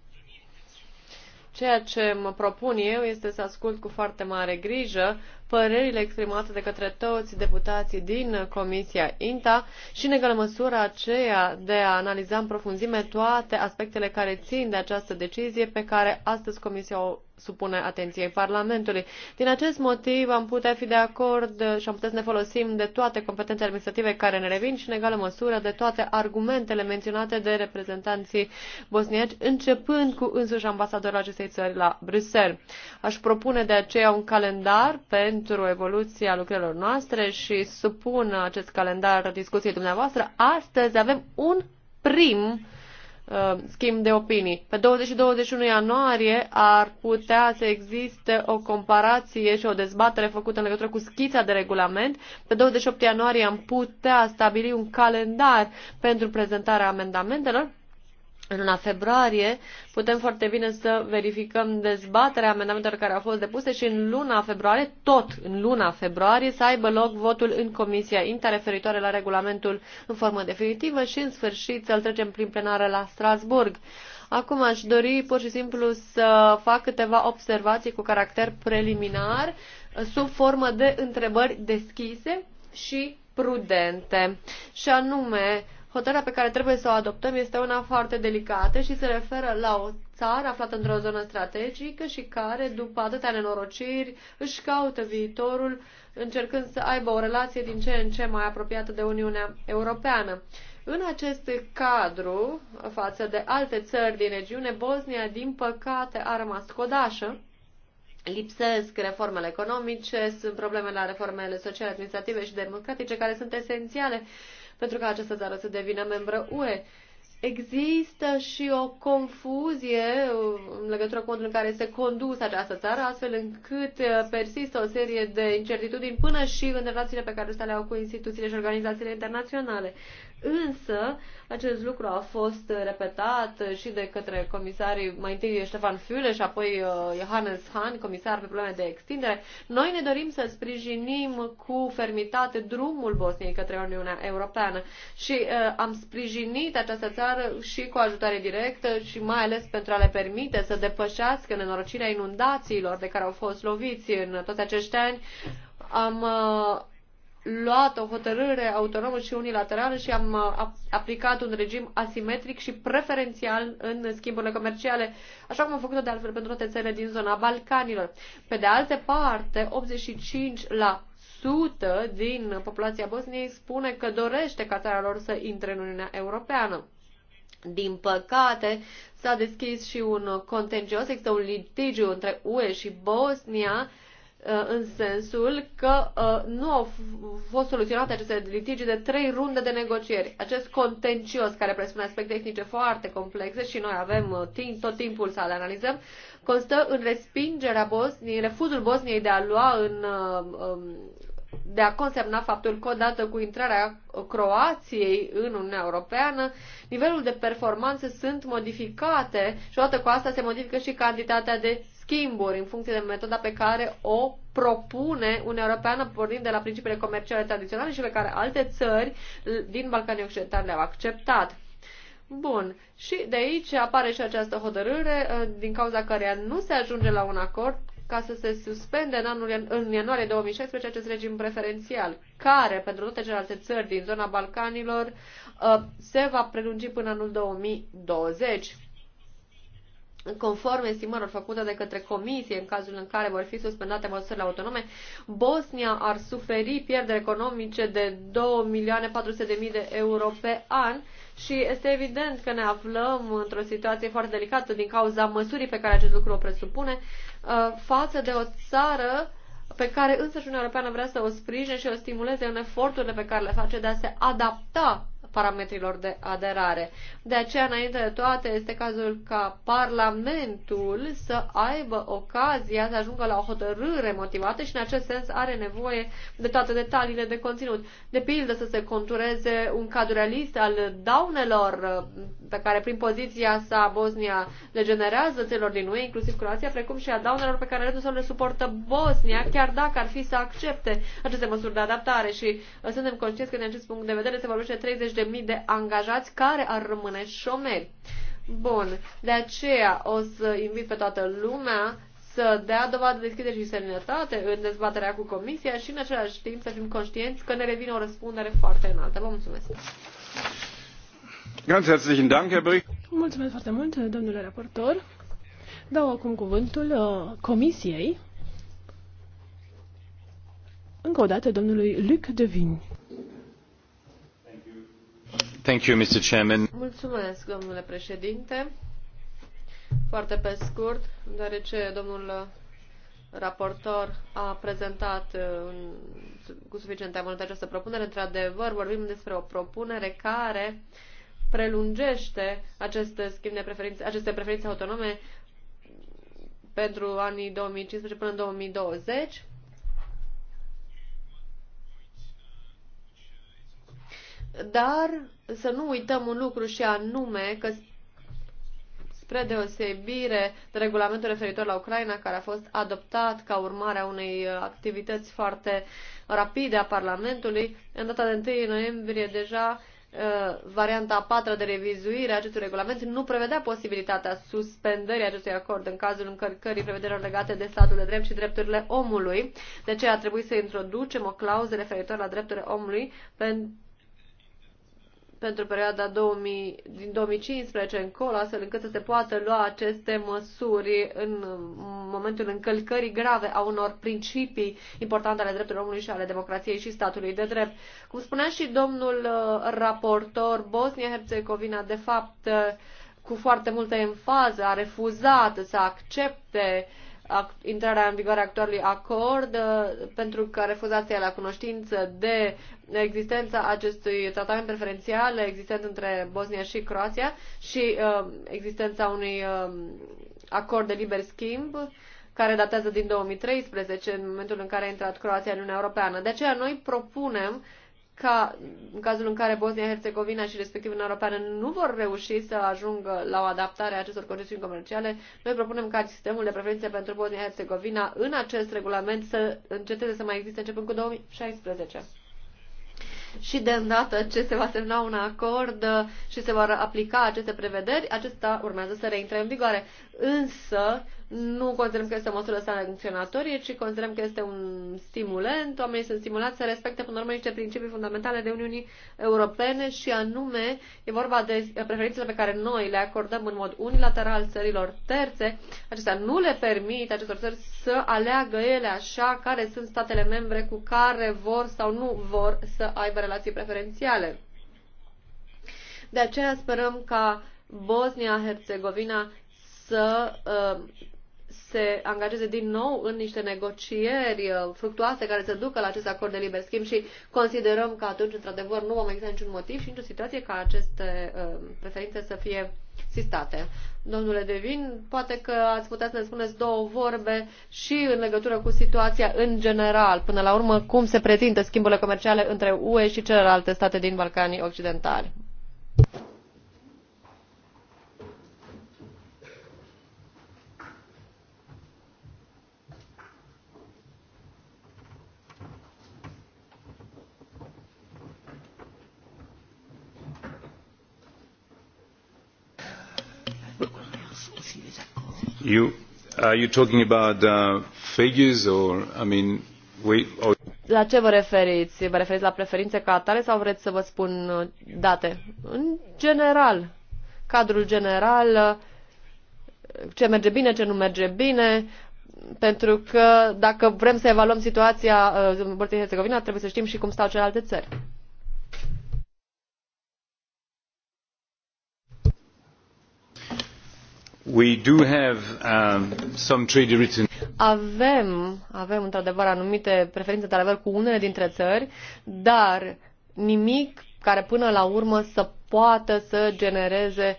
Ceea ce mă propun eu este să ascult cu foarte mare grijă părerile exprimate de către toți deputații din Comisia INTA și, în egală măsură, aceea de a analiza în profunzime toate aspectele care țin de această decizie pe care astăzi Comisia o supune atenției Parlamentului. Din acest motiv am putea fi de acord și am putea să ne folosim de toate competențele administrative care ne revin și în egală măsură de toate argumentele menționate de reprezentanții bosniaci, începând cu însuși ambasadorul acestei țări la Bruxelles. Aș propune de aceea un calendar pentru evoluția lucrărilor noastre și supun acest calendar discuției dumneavoastră. Astăzi avem un prim uh, uh, schimb de opinii. Pe 20 și 21 ianuarie ar putea să existe o comparație și o dezbatere făcută în legătură cu schița de regulament. Pe 28 ianuarie am putea stabili un calendar pentru prezentarea amendamentelor în luna februarie putem foarte bine să verificăm dezbaterea amendamentelor care au fost depuse și în luna februarie, tot în luna februarie, să aibă loc votul în Comisia INTA referitoare la regulamentul în formă definitivă și în sfârșit să-l trecem prin plenară la Strasburg. Acum aș dori pur și simplu să fac câteva observații cu caracter preliminar sub formă de întrebări deschise și prudente. Și anume, Hotărârea pe care trebuie să o adoptăm este una foarte delicată și se referă la o țară aflată într-o zonă strategică și care, după atâtea nenorociri, își caută viitorul încercând să aibă o relație din ce în ce mai apropiată de Uniunea Europeană. În acest cadru, față de alte țări din regiune, Bosnia, din păcate, a rămas codașă. Lipsesc reformele economice, sunt probleme la reformele sociale, administrative și democratice, care sunt esențiale pentru ca această țară să devină membră UE. Există și o confuzie uh, în legătură cu modul în care se conduce această țară, astfel încât uh, persistă o serie de incertitudini până și în relațiile pe care le au cu instituțiile și organizațiile internaționale. Însă, acest lucru a fost repetat și de către comisarii, mai întâi Ștefan Füle și apoi uh, Johannes Hahn, comisar pe probleme de extindere. Noi ne dorim să sprijinim cu fermitate drumul Bosniei către Uniunea Europeană și uh, am sprijinit această țară și cu ajutare directă și mai ales pentru a le permite să depășească nenorocirea inundațiilor de care au fost loviți în toți acești ani. Am uh, luat o hotărâre autonomă și unilaterală și am uh, aplicat un regim asimetric și preferențial în schimburile comerciale, așa cum am făcut-o de altfel pentru toate țările din zona Balcanilor. Pe de altă parte, 85 la 1% din populația Bosniei spune că dorește ca țara lor să intre în Uniunea Europeană. Din păcate, s-a deschis și un contencios, există un litigiu între UE și Bosnia, Uh, în sensul că uh, nu au fost soluționate aceste litigi de trei runde de negocieri. Acest contencios, care presupune aspecte tehnice foarte complexe și noi avem uh, timp, tot timpul să le analizăm, constă în respingerea Bosniei, refuzul Bosniei de a lua în um, de a consemna faptul că odată cu intrarea Croației în Uniunea Europeană, nivelul de performanțe sunt modificate și odată cu asta se modifică și cantitatea de schimburi în funcție de metoda pe care o propune Uniunea Europeană pornind de la principiile comerciale tradiționale și pe care alte țări din Balcanii Occidentali le-au acceptat. Bun. Și de aici apare și această hotărâre uh, din cauza căreia nu se ajunge la un acord ca să se suspende în, anul, în ianuarie 2016 acest regim preferențial, care pentru toate celelalte țări din zona Balcanilor uh, se va prelungi până anul 2020 conform estimărilor făcute de către comisie în cazul în care vor fi suspendate măsurile autonome, Bosnia ar suferi pierderi economice de 2.400.000 de euro pe an și este evident că ne aflăm într-o situație foarte delicată din cauza măsurii pe care acest lucru o presupune uh, față de o țară pe care însăși Uniunea Europeană vrea să o sprijine și o stimuleze în eforturile pe care le face de a se adapta parametrilor de aderare. De aceea, înainte de toate, este cazul ca Parlamentul să aibă ocazia să ajungă la o hotărâre motivată și, în acest sens, are nevoie de toate detaliile de conținut. De pildă, să se contureze un cadru realist al daunelor pe care, prin poziția sa, Bosnia le generează țelor din UE, inclusiv Croația, precum și a daunelor pe care nu le suportă Bosnia, chiar dacă ar fi să accepte aceste măsuri de adaptare. Și uh, suntem conștienți că, din acest punct de vedere, se vorbește 30 de 150.000 de angajați care ar rămâne șomeri. Bun, de aceea o să invit pe toată lumea să dea dovadă de deschidere și serenitate în dezbaterea cu Comisia și în același timp să fim conștienți că ne revine o răspundere foarte înaltă. Vă mulțumesc! Ganz herzlichen Dank, Herr Brick. Mulțumesc foarte mult, domnule raportor. Dau acum cuvântul uh, Comisiei. Încă o dată, domnului Luc Devin. Thank you, Mr. Chairman. Mulțumesc, domnule președinte. Foarte pe scurt, deoarece domnul raportor a prezentat uh, în, cu suficient amănunt această propunere. Într-adevăr, vorbim despre o propunere care prelungește aceste schimb de preferințe, aceste preferințe autonome pentru anii 2015 până în 2020 dar să nu uităm un lucru și anume că spre deosebire de regulamentul referitor la Ucraina, care a fost adoptat ca urmare a unei uh, activități foarte rapide a Parlamentului, în data de 1 noiembrie deja uh, varianta a patra de revizuire a acestui regulament nu prevedea posibilitatea suspendării acestui acord în cazul încărcării prevederilor legate de statul de drept și drepturile omului. De ce a trebuit să introducem o clauză referitor la drepturile omului pentru pentru perioada 2000, din 2015 încolo, astfel încât să se poată lua aceste măsuri în momentul încălcării grave a unor principii importante ale drepturilor omului și ale democrației și statului de drept. Cum spunea și domnul uh, raportor, Bosnia-Herzegovina, de fapt, uh, cu foarte multă enfază, a refuzat să accepte uh, intrarea în vigoare actualului acord, uh, pentru că refuzația la cunoștință de existența acestui tratament preferențial existent între Bosnia și Croația și uh, existența unui uh, acord de liber schimb care datează din 2013, în momentul în care a intrat Croația în Uniunea Europeană. De aceea noi propunem uh, ca în cazul în care Bosnia-Herzegovina și respectiv în Europeană nu vor reuși să ajungă la o adaptare a acestor concesiuni comerciale, noi propunem ca sistemul de preferințe pentru Bosnia-Herzegovina în acest regulament să înceteze să mai existe începând cu 2016. Și de îndată ce se va semna un acord și se vor aplica aceste prevederi, acesta urmează să reintre în vigoare însă nu considerăm că este o măsură sancționatorie, ci considerăm că este un stimulant. Oamenii sunt stimulați să respecte până la urmă niște principii fundamentale de Uniunii Europene și anume e vorba de preferințele pe care noi le acordăm în mod unilateral țărilor terțe. Acestea nu le permit acestor țări să aleagă ele așa care sunt statele membre cu care vor sau nu vor să aibă relații preferențiale. De aceea sperăm ca Bosnia-Herzegovina să uh, se angajeze din nou în niște negocieri uh, fructuoase care să ducă la acest acord de liber schimb și considerăm că atunci, într-adevăr, nu va mai exista niciun motiv și nicio situație ca aceste uh, preferințe să fie sistate. Domnule Devin, poate că ați putea să ne spuneți două vorbe și în legătură cu situația în general, până la urmă, cum se prezintă schimburile comerciale între UE și celelalte state din Balcanii Occidentali. You, are you talking about uh, figures or, I mean, we, or... La ce vă referiți? Vă referiți la preferințe ca atare sau vreți să vă spun uh, date? În general, cadrul general, uh, ce merge bine, ce nu merge bine, pentru că dacă vrem să evaluăm situația uh, în Bosnia-Herzegovina, trebuie să știm și cum stau celelalte țări. We do have, um, some written. Avem, avem într-adevăr anumite preferințe de adevăr cu unele dintre țări, dar nimic care până la urmă să poată să genereze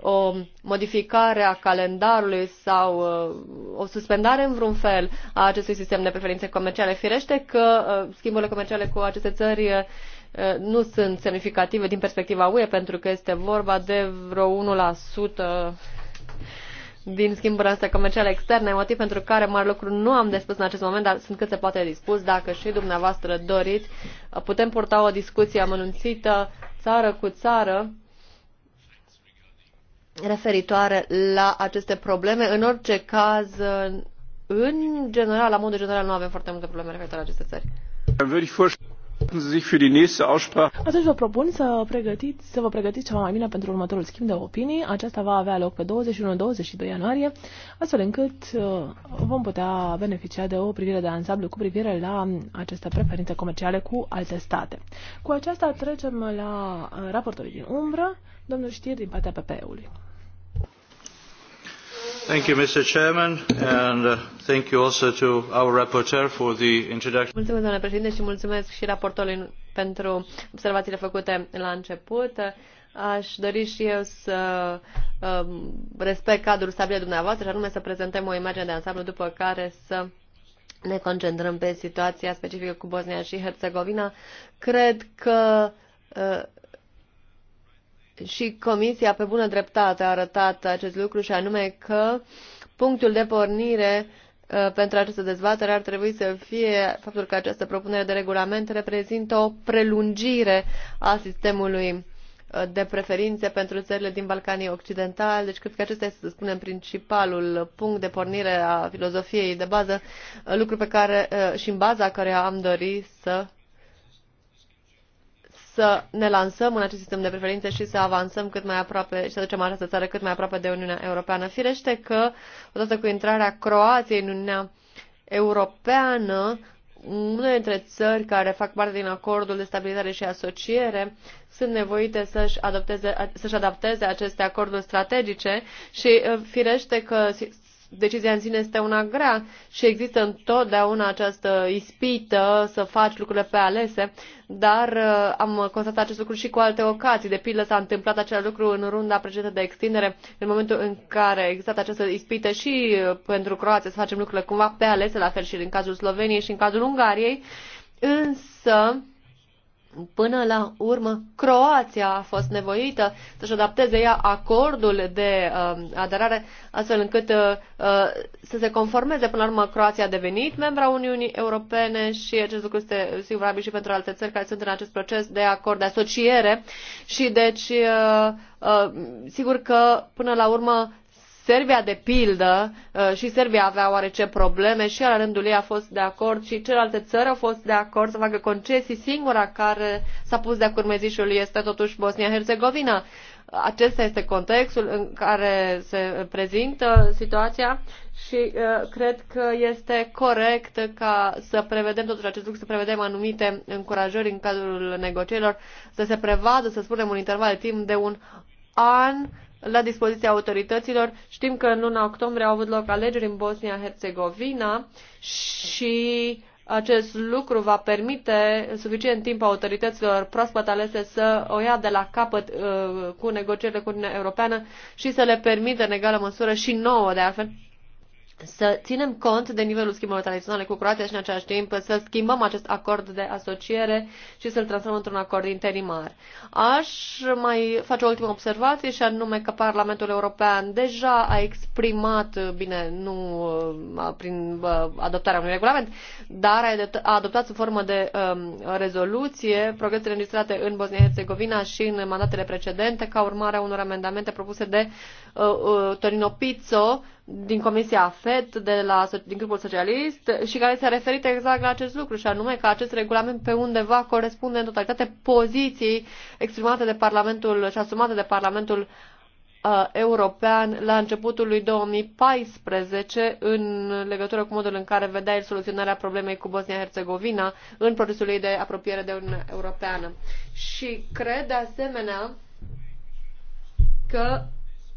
o modificare a calendarului sau uh, o suspendare în vreun fel a acestui sistem de preferințe comerciale. Firește că uh, schimburile comerciale cu aceste țări uh, nu sunt semnificative din perspectiva UE pentru că este vorba de vreo 1% din schimburile noastre comerciale externe, motiv pentru care mari lucruri nu am de spus în acest moment, dar sunt cât se poate dispus. Dacă și dumneavoastră doriți, putem purta o discuție amănunțită, țară cu țară, referitoare la aceste probleme. În orice caz, în general, la modul general, nu avem foarte multe probleme referitoare la aceste țări. Atunci vă propun să, pregătiți, să vă pregătiți ceva mai bine pentru următorul schimb de opinii. Aceasta va avea loc pe 21-22 ianuarie, astfel încât uh, vom putea beneficia de o privire de ansamblu cu privire la aceste preferințe comerciale cu alte state. Cu aceasta trecem la uh, raportorii din umbră, domnul Știr din partea PP-ului. Thank you, Mr. Chairman, and uh, thank you also to our rapporteur for the introduction. Mulțumesc, domnule președinte, și mulțumesc și raportorului pentru observațiile făcute la început. Aș dori și eu să um, respect cadrul stabilit dumneavoastră, și anume să prezentăm o imagine de ansamblu, după care să ne concentrăm pe situația specifică cu Bosnia și Herțegovina. Cred că uh, și Comisia, pe bună dreptate, a arătat acest lucru și anume că punctul de pornire uh, pentru această dezbatere ar trebui să fie faptul că această propunere de regulament reprezintă o prelungire a sistemului uh, de preferințe pentru țările din Balcanii Occidentali. Deci cred că acesta este, să spunem, principalul punct de pornire a filozofiei de bază, uh, lucru pe care și în baza căreia am dorit să să ne lansăm în acest sistem de preferințe și să avansăm cât mai aproape și să ducem această țară cât mai aproape de Uniunea Europeană. Firește că, odată cu intrarea Croației în Uniunea Europeană, unele dintre țări care fac parte din acordul de stabilizare și asociere sunt nevoite să-și, adopteze, să-și adapteze aceste acorduri strategice și firește că decizia în sine este una grea și există întotdeauna această ispită să faci lucrurile pe alese, dar uh, am constatat acest lucru și cu alte ocazii. De pildă s-a întâmplat acel lucru în runda precedentă de extindere, în momentul în care există această ispită și uh, pentru Croația să facem lucrurile cumva pe alese, la fel și în cazul Sloveniei și în cazul Ungariei. Însă, Până la urmă, Croația a fost nevoită să-și adapteze ea acordul de uh, aderare, astfel încât uh, uh, să se conformeze. Până la urmă, Croația a devenit membra Uniunii Europene și acest lucru este sigurabil și pentru alte țări care sunt în acest proces de acord de asociere. Și deci, uh, uh, sigur că, până la urmă, Serbia, de pildă, uh, și Serbia avea oarece probleme și la rândul ei a fost de acord și celelalte țări au fost de acord să facă concesii. Singura care s-a pus de-a curmezișului este totuși Bosnia-Herzegovina. Acesta este contextul în care se prezintă situația și uh, cred că este corect ca să prevedem totuși acest lucru, să prevedem anumite încurajări în cadrul negocierilor, să se prevadă, să spunem, un interval de timp de un an la dispoziția autorităților. Știm că în luna octombrie au avut loc alegeri în Bosnia-Herzegovina și acest lucru va permite suficient timp autorităților proaspăt alese să o ia de la capăt uh, cu negocierile cu Uniunea Europeană și să le permită în egală măsură și nouă de altfel să ținem cont de nivelul schimbărilor tradiționale cu Croația și în același timp să schimbăm acest acord de asociere și să-l transformăm într-un acord interimar. Aș mai face o ultimă observație și anume că Parlamentul European deja a exprimat, bine, nu uh, prin uh, adoptarea unui regulament, dar a adoptat sub formă de um, rezoluție progresele înregistrate în Bosnia-Herzegovina și în mandatele precedente ca urmare a unor amendamente propuse de uh, uh, Torino Pizzo din Comisia FED de la, din grupul socialist și care s-a referit exact la acest lucru și anume că acest regulament pe undeva corespunde în totalitate poziții exprimate de Parlamentul și asumate de Parlamentul uh, European la începutul lui 2014 în legătură cu modul în care vedea el soluționarea problemei cu Bosnia-Herzegovina în procesul ei de apropiere de Uniunea Europeană. Și cred de asemenea că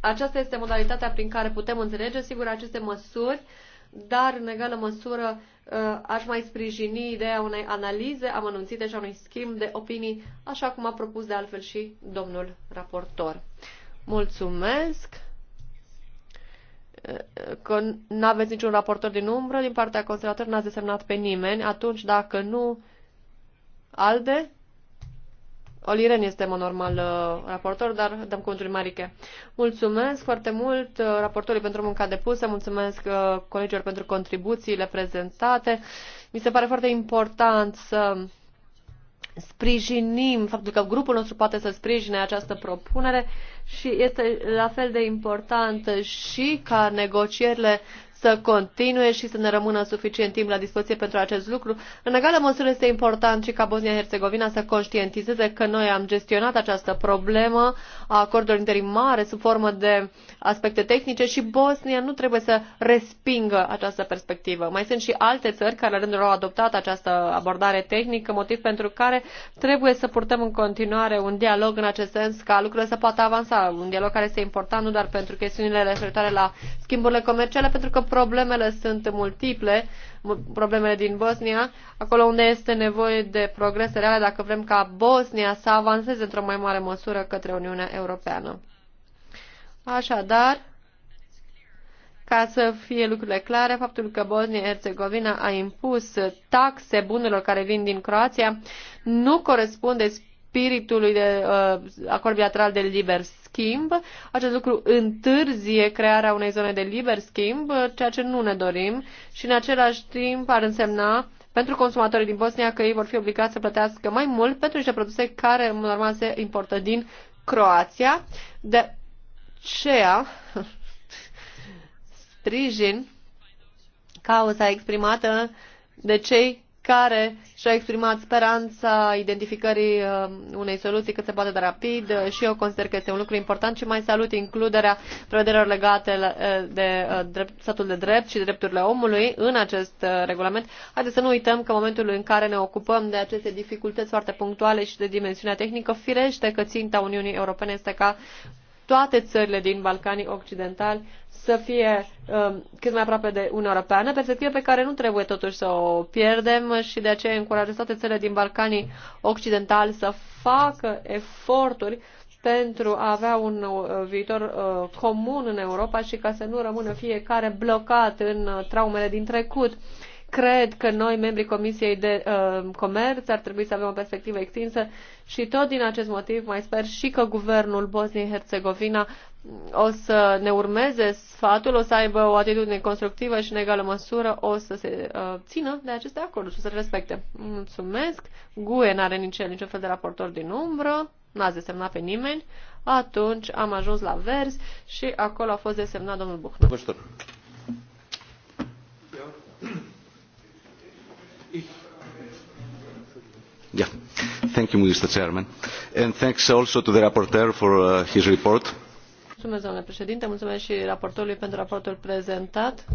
aceasta este modalitatea prin care putem înțelege, sigur, aceste măsuri, dar, în egală măsură, uh, aș mai sprijini ideea unei analize amănunțite și a unui schimb de opinii, așa cum a propus de altfel și domnul raportor. Mulțumesc! Uh, că nu aveți niciun raportor din umbră, din partea conservatorilor n-ați desemnat pe nimeni, atunci, dacă nu, ALDE? Oliren este un normal uh, raportor, dar dăm cuvântul Marike. Mulțumesc foarte mult uh, raportorii pentru munca depusă, mulțumesc uh, colegilor pentru contribuțiile prezentate. Mi se pare foarte important să sprijinim faptul că grupul nostru poate să sprijine această propunere și este la fel de important și ca negocierile să continue și să ne rămână suficient timp la dispoziție pentru acest lucru. În egală măsură este important și ca Bosnia-Herzegovina să conștientizeze că noi am gestionat această problemă a acordului interimare sub formă de aspecte tehnice și Bosnia nu trebuie să respingă această perspectivă. Mai sunt și alte țări care la rândul lor au adoptat această abordare tehnică, motiv pentru care trebuie să purtăm în continuare un dialog în acest sens ca lucrurile să poată avansa. Un dialog care este important nu doar pentru chestiunile referitoare la schimburile comerciale, pentru că Problemele sunt multiple, problemele din Bosnia, acolo unde este nevoie de progrese reale dacă vrem ca Bosnia să avanseze într-o mai mare măsură către Uniunea Europeană. Așadar, ca să fie lucrurile clare, faptul că Bosnia-Herzegovina a impus taxe bunelor care vin din Croația nu corespunde spiritului de uh, acord bilateral de liber schimb. Acest lucru întârzie crearea unei zone de liber schimb, uh, ceea ce nu ne dorim și în același timp ar însemna pentru consumatorii din Bosnia că ei vor fi obligați să plătească mai mult pentru niște produse care, în normal, se importă din Croația. De aceea, [LAUGHS] sprijin cauza exprimată de cei care și-a exprimat speranța identificării uh, unei soluții cât se poate de rapid uh, și eu consider că este un lucru important și mai salut includerea prevederilor legate uh, de statul de drept și drepturile omului în acest regulament. Haideți să nu uităm că în momentul în care ne ocupăm de aceste dificultăți foarte punctuale și de dimensiunea tehnică, firește că ținta Uniunii Europene este ca toate țările din Balcanii Occidentali să fie um, cât mai aproape de Uniunea Europeană, perspectivă pe care nu trebuie totuși să o pierdem și de aceea încurajez toate țările din Balcanii Occidentali să facă eforturi pentru a avea un uh, viitor uh, comun în Europa și ca să nu rămână fiecare blocat în uh, traumele din trecut. Uh, Cred că noi, membrii Comisiei de uh, Comerț, ar trebui să avem o perspectivă extinsă și tot din acest motiv mai sper și că guvernul Bosniei-Herzegovina o să ne urmeze sfatul, o să aibă o atitudine constructivă și în egală măsură o să se uh, țină de aceste acorduri și să le respecte. Mulțumesc. GUE n-are nici el niciun fel de raportor din umbră, n-ați desemnat pe nimeni. Atunci am ajuns la vers și acolo a fost desemnat domnul Buchner. Yeah. Mulțumesc, domnule președinte, mulțumesc și raportorului pentru raportul prezentat.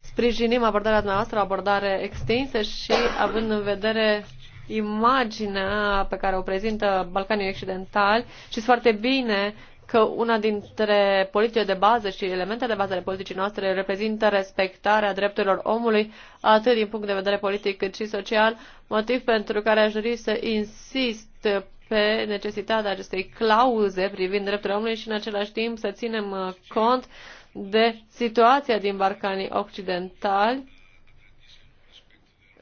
Sprijinim abordarea dumneavoastră, o abordare extinsă și având în vedere imaginea pe care o prezintă Balcanii Occidentali și foarte bine că una dintre politicile de bază și elementele de bază ale politicii noastre reprezintă respectarea drepturilor omului, atât din punct de vedere politic cât și social, motiv pentru care aș dori să insist pe necesitatea acestei clauze privind drepturile omului și în același timp să ținem uh, cont de situația din Barcanii Occidentali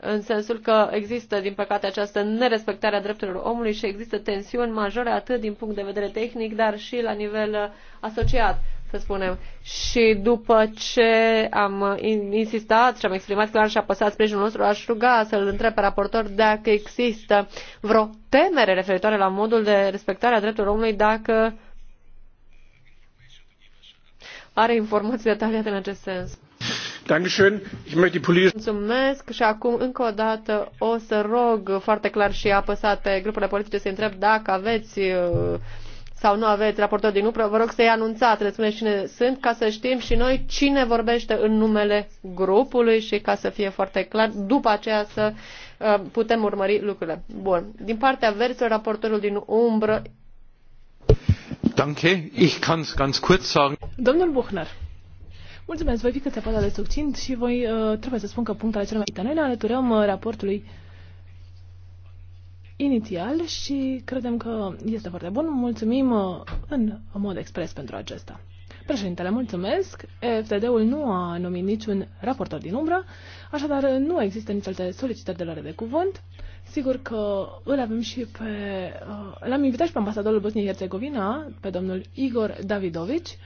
în sensul că există, din păcate, această nerespectare a drepturilor omului și există tensiuni majore atât din punct de vedere tehnic, dar și la nivel uh, asociat, să spunem. Și după ce am insistat și am exprimat clar și apăsat sprijinul nostru, aș ruga să-l întreb pe raportor dacă există vreo temere referitoare la modul de respectare a drepturilor omului, dacă are informații detaliate în acest sens. Mulțumesc și acum încă o dată o să rog foarte clar și apăsat pe grupurile politice să întreb dacă aveți uh, sau nu aveți raportor din UPRO, vă rog să-i anunțați, le spuneți cine sunt, ca să știm și noi cine vorbește în numele grupului și ca să fie foarte clar, după aceea să uh, putem urmări lucrurile. Bun. Din partea verzilor, raportorul din umbră. Danke, ich kann's ganz kurz sagen. Domnul Buchner. Mulțumesc, voi fi cât se poate de succint și voi uh, trebuie să spun că punctele cele mai importante. Noi ne alăturăm uh, raportului inițial și credem că este foarte bun. Mulțumim uh, în mod expres pentru acesta. Președintele, mulțumesc. FTD-ul nu a numit niciun raportor din umbră, așadar nu există nici alte solicitări de luare de cuvânt. Sigur că îl avem și pe... Uh, l-am invitat și pe ambasadorul Bosniei-Herzegovina, pe domnul Igor Davidovici,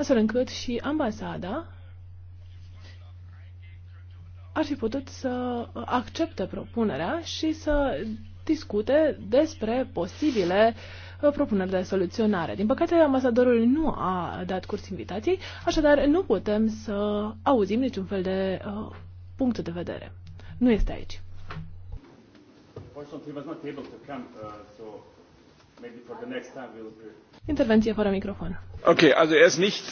astfel încât și ambasada ar fi putut să accepte propunerea și să discute despre posibile uh, propuneri de soluționare. Din păcate, ambasadorul nu a dat curs invitației, așadar nu putem să auzim niciun fel de uh, punct de vedere. Nu este aici. Intervenție fără microfon. Ok, also er ist nicht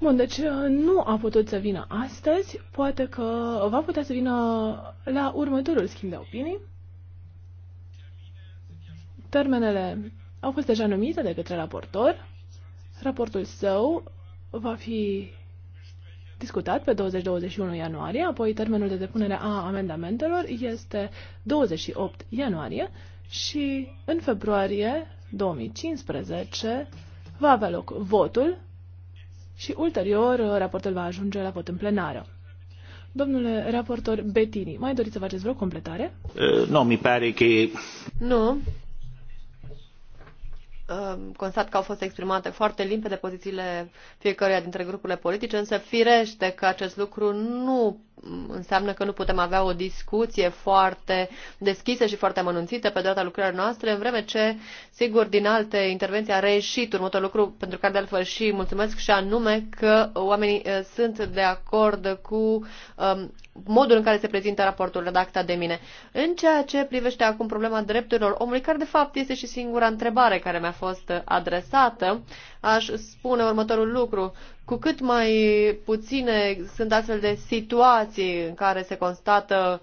Bun, deci uh, nu a putut să vină astăzi, poate că va putea să vină la următorul schimb de opinii. Termenele au fost deja numite de către raportor. Raportul său va fi discutat pe 20-21 ianuarie, apoi termenul de depunere a amendamentelor este 28 ianuarie și în februarie 2015 va avea loc votul și ulterior uh, raportul va ajunge la vot în plenară. Domnule raportor Bettini, mai doriți să faceți vreo completare? Uh, nu, no, mi pare că... Nu, Um, constat că au fost exprimate foarte limpede pozițiile fiecăruia dintre grupurile politice, însă firește că acest lucru nu înseamnă că nu putem avea o discuție foarte deschisă și foarte amănunțită pe durata lucrărilor noastre, în vreme ce, sigur, din alte intervenții a reieșit următorul lucru pentru care de altfel și mulțumesc și anume că oamenii uh, sunt de acord cu um, modul în care se prezintă raportul redactat de mine. În ceea ce privește acum problema drepturilor omului, care de fapt este și singura întrebare care mi-a fost adresată, aș spune următorul lucru. Cu cât mai puține sunt astfel de situații în care se constată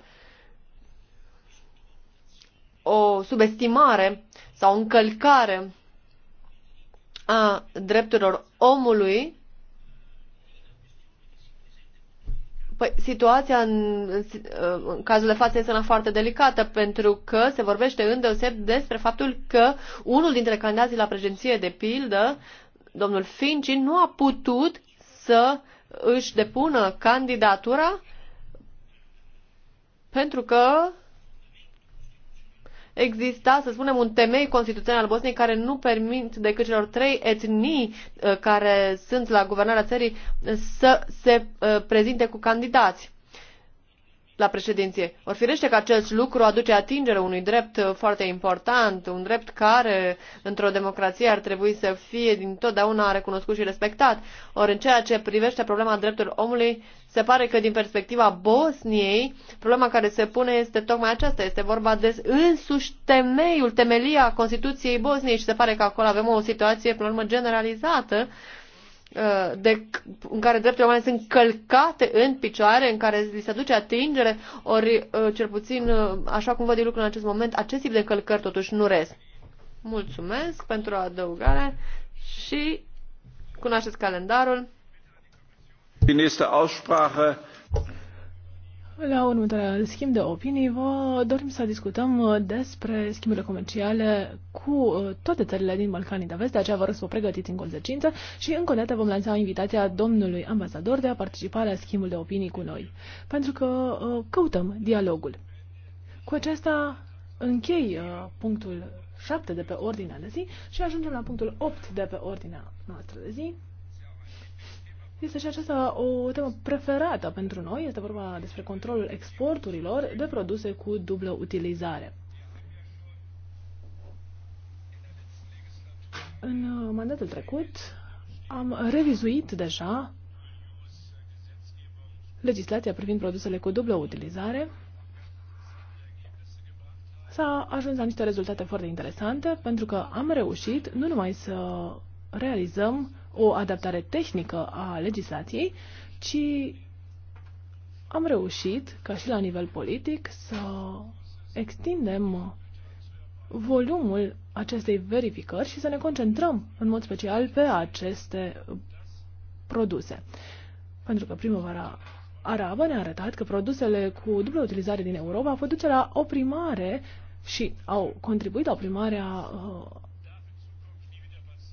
o subestimare sau încălcare a drepturilor omului, Păi, situația în, în cazul de față este una foarte delicată, pentru că se vorbește îndeoseb despre faptul că unul dintre candidații la președinție, de pildă, domnul Finci, nu a putut să își depună candidatura pentru că exista, să spunem, un temei constituțional al Bosniei care nu permit decât celor trei etnii uh, care sunt la guvernarea țării să se uh, prezinte cu candidați la președinție. Or firește că acest lucru aduce atingere unui drept uh, foarte important, un drept care într-o democrație ar trebui să fie dintotdeauna recunoscut și respectat. Ori în ceea ce privește problema drepturilor omului, se pare că din perspectiva Bosniei, problema care se pune este tocmai aceasta. Este vorba de însuși temeiul, temelia Constituției Bosniei și se pare că acolo avem o situație, până la urmă, generalizată Uh, de, în care drepturile umane sunt călcate în picioare, în care li se duce atingere, ori uh, cel puțin, uh, așa cum văd eu lucrurile în acest moment, acest tip de călcări totuși nu rez. Mulțumesc pentru adăugare și cunoașteți calendarul. Die nächste Aussprache la următoarea schimb de opinii, vă dorim să discutăm uh, despre schimburile comerciale cu uh, toate țările din Balcanii de Vest, de aceea vă rog să o pregătiți în consecință și încă o dată vom lansa invitația domnului ambasador de a participa la schimbul de opinii cu noi, pentru că uh, căutăm dialogul. Cu acesta închei punctul 7 de pe ordinea de zi și ajungem la punctul 8 de pe ordinea noastră de zi. Este și aceasta o temă preferată pentru noi. Este vorba despre controlul exporturilor de produse cu dublă utilizare. În mandatul trecut am revizuit deja legislația privind produsele cu dublă utilizare. S-a ajuns la niște rezultate foarte interesante pentru că am reușit nu numai să realizăm o adaptare tehnică a legislației, ci am reușit, ca și la nivel politic, să extindem volumul acestei verificări și să ne concentrăm în mod special pe aceste produse. Pentru că primăvara arabă ne-a arătat că produsele cu dublă utilizare din Europa au duce la oprimare și au contribuit la oprimarea uh,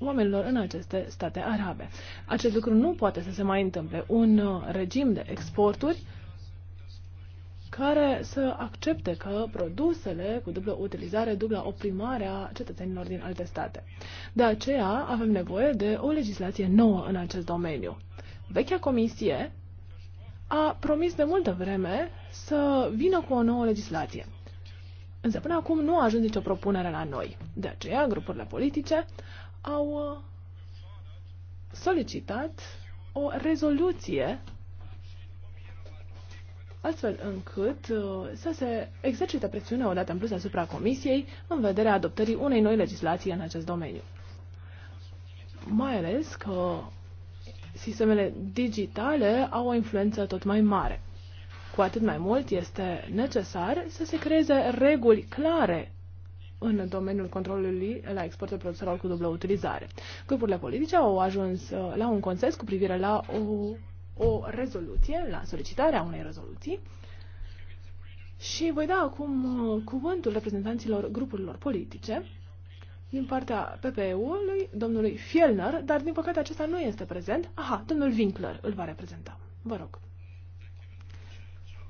oamenilor în aceste state arabe. Acest lucru nu poate să se mai întâmple. Un uh, regim de exporturi care să accepte că produsele cu dublă utilizare duc la oprimarea cetățenilor din alte state. De aceea avem nevoie de o legislație nouă în acest domeniu. Vechea comisie a promis de multă vreme să vină cu o nouă legislație. Însă până acum nu a ajuns nicio propunere la noi. De aceea, grupurile politice au uh, solicitat o rezoluție astfel încât uh, să se exercite presiunea odată în plus asupra Comisiei în vederea adoptării unei noi legislații în acest domeniu. Mai ales că sistemele digitale au o influență tot mai mare. Cu atât mai mult este necesar să se creeze reguli clare în domeniul controlului la exportul produselor cu dublă utilizare. Grupurile politice au ajuns uh, la un consens cu privire la o, o rezoluție, la solicitarea unei rezoluții și voi da acum uh, cuvântul reprezentanților grupurilor politice din partea PPE-ului, domnului Fielner, dar din păcate acesta nu este prezent. Aha, domnul Winkler îl va reprezenta. Vă rog.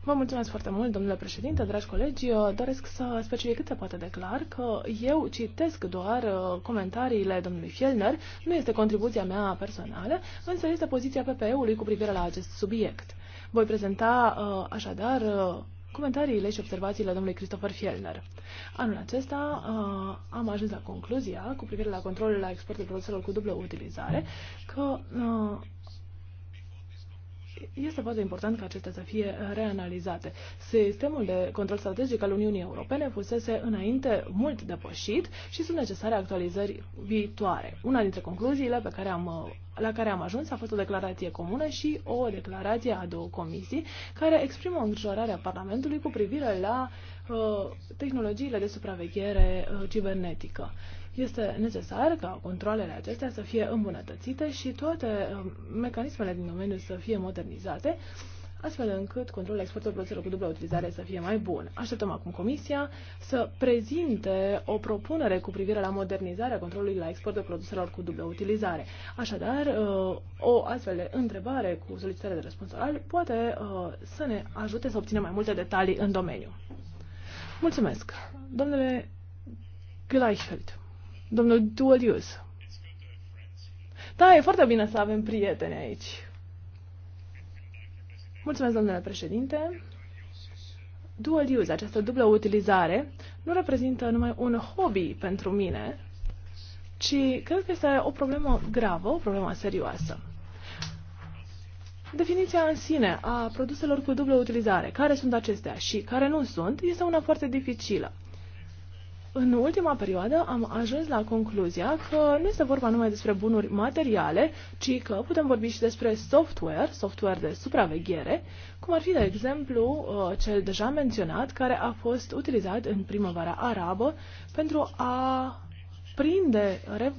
Vă mulțumesc foarte mult, domnule președinte, dragi colegi. Doresc să specific cât se poate de clar că eu citesc doar uh, comentariile domnului Fielner, nu este contribuția mea personală, însă este poziția PPE-ului cu privire la acest subiect. Voi prezenta uh, așadar uh, comentariile și observațiile domnului Christopher Fielner. Anul acesta uh, am ajuns la concluzia, cu privire la controlul la exportul produselor cu dublă utilizare, că uh, este foarte important ca acestea să fie reanalizate. Sistemul de control strategic al Uniunii Europene fusese înainte mult depășit și sunt necesare actualizări viitoare. Una dintre concluziile pe care am, la care am ajuns a fost o declarație comună și o declarație a două comisii care exprimă îngrijorarea Parlamentului cu privire la uh, tehnologiile de supraveghere uh, cibernetică. Uh, este necesar ca controlele acestea să fie îmbunătățite și toate um, mecanismele din domeniu să fie modernizate, astfel încât controlul exportului produselor cu dublă utilizare să fie mai bun. Așteptăm acum Comisia să prezinte o propunere cu privire la modernizarea controlului la exportul produselor cu dublă utilizare. Așadar, uh, o astfel de întrebare cu solicitare de răspuns oral poate uh, să ne ajute să obținem mai multe detalii în domeniu. Mulțumesc. Domnule Gleichfeld. Domnul Dual Use. Da, e foarte bine să avem prieteni aici. Mulțumesc, domnule președinte. Dual use, această dublă utilizare, nu reprezintă numai un hobby pentru mine, ci cred că este o problemă gravă, o problemă serioasă. Definiția în sine a produselor cu dublă utilizare, care sunt acestea și care nu sunt, este una foarte dificilă. În ultima perioadă am ajuns la concluzia că nu este vorba numai despre bunuri materiale, ci că putem vorbi și despre software, software de supraveghere, cum ar fi, de exemplu, uh, cel deja menționat, care a fost utilizat în primăvara arabă pentru a prinde re-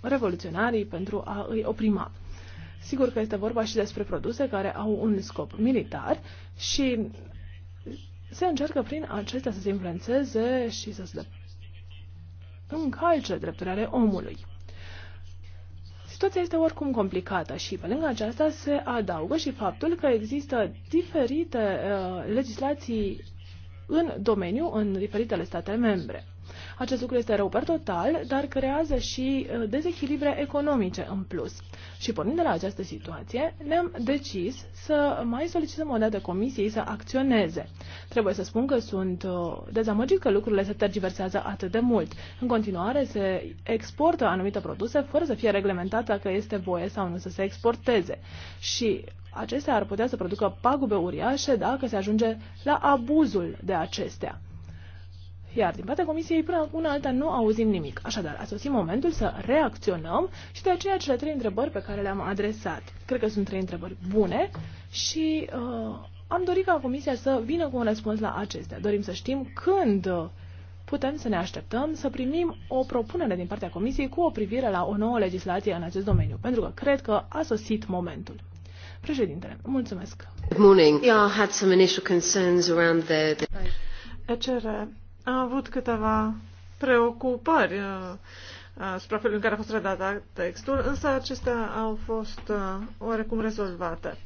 revoluționarii, pentru a îi oprima. Sigur că este vorba și despre produse care au un scop militar și se încearcă prin acestea să se influențeze și să se încalce drepturile ale omului. Situația este oricum complicată și pe lângă aceasta se adaugă și faptul că există diferite uh, legislații în domeniu în diferitele state membre. Acest lucru este rău per total, dar creează și uh, dezechilibre economice în plus. Și pornind de la această situație, ne-am decis să mai solicităm o dată comisiei să acționeze. Trebuie să spun că sunt uh, dezamăgit că lucrurile se tergiversează atât de mult. În continuare se exportă anumite produse fără să fie reglementată că este voie sau nu să se exporteze. Și acestea ar putea să producă pagube uriașe dacă se ajunge la abuzul de acestea. Iar din partea Comisiei, până una alta, nu auzim nimic. Așadar, a sosit momentul să reacționăm și de aceea cele trei întrebări pe care le-am adresat. Cred că sunt trei întrebări bune și uh, am dorit ca Comisia să vină cu un răspuns la acestea. Dorim să știm când putem să ne așteptăm să primim o propunere din partea Comisiei cu o privire la o nouă legislație în acest domeniu, pentru că cred că a sosit momentul. Președintele, mulțumesc. Good morning. Yeah, I had some initial concerns around the... the... Am avut câteva preocupări uh, uh, asupra felului în care a fost redat textul, însă acestea au fost uh, oarecum rezolvate.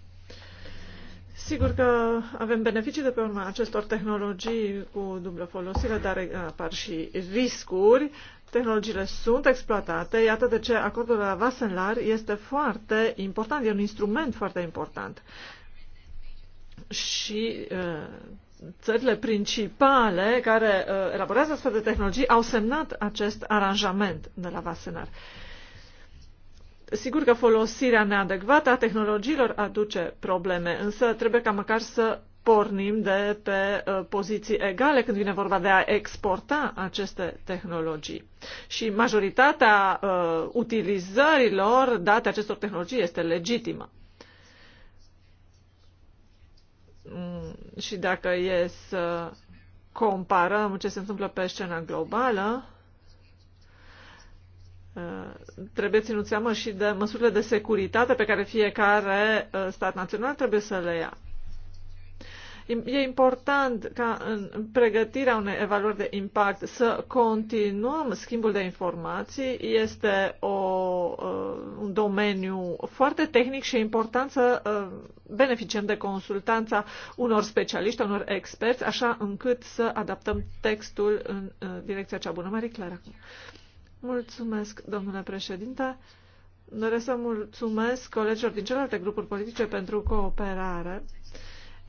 Sigur că avem beneficii de pe urma acestor tehnologii cu dublă folosire, dar apar și riscuri. Tehnologiile sunt exploatate, iată de ce acordul de la Vassenlar este foarte important, e un instrument foarte important. Și țările principale care uh, elaborează astfel de tehnologii au semnat acest aranjament de la Vasenar. Sigur că folosirea neadecvată a tehnologiilor aduce probleme, însă trebuie ca măcar să pornim de pe uh, poziții egale când vine vorba de a exporta aceste tehnologii. Și majoritatea uh, utilizărilor date acestor tehnologii este legitimă. Mm, și dacă e să comparăm ce se întâmplă pe scena globală, uh, trebuie ținut seama și de măsurile de securitate pe care fiecare uh, stat național trebuie să le ia. E important ca în pregătirea unei evaluări de impact să continuăm schimbul de informații. Este o, uh, un domeniu foarte tehnic și e important să uh, beneficiem de consultanța unor specialiști, unor experți, așa încât să adaptăm textul în uh, direcția cea bună. Marie Clara. Mulțumesc, domnule președinte. Doresc să mulțumesc colegilor din celelalte grupuri politice pentru cooperare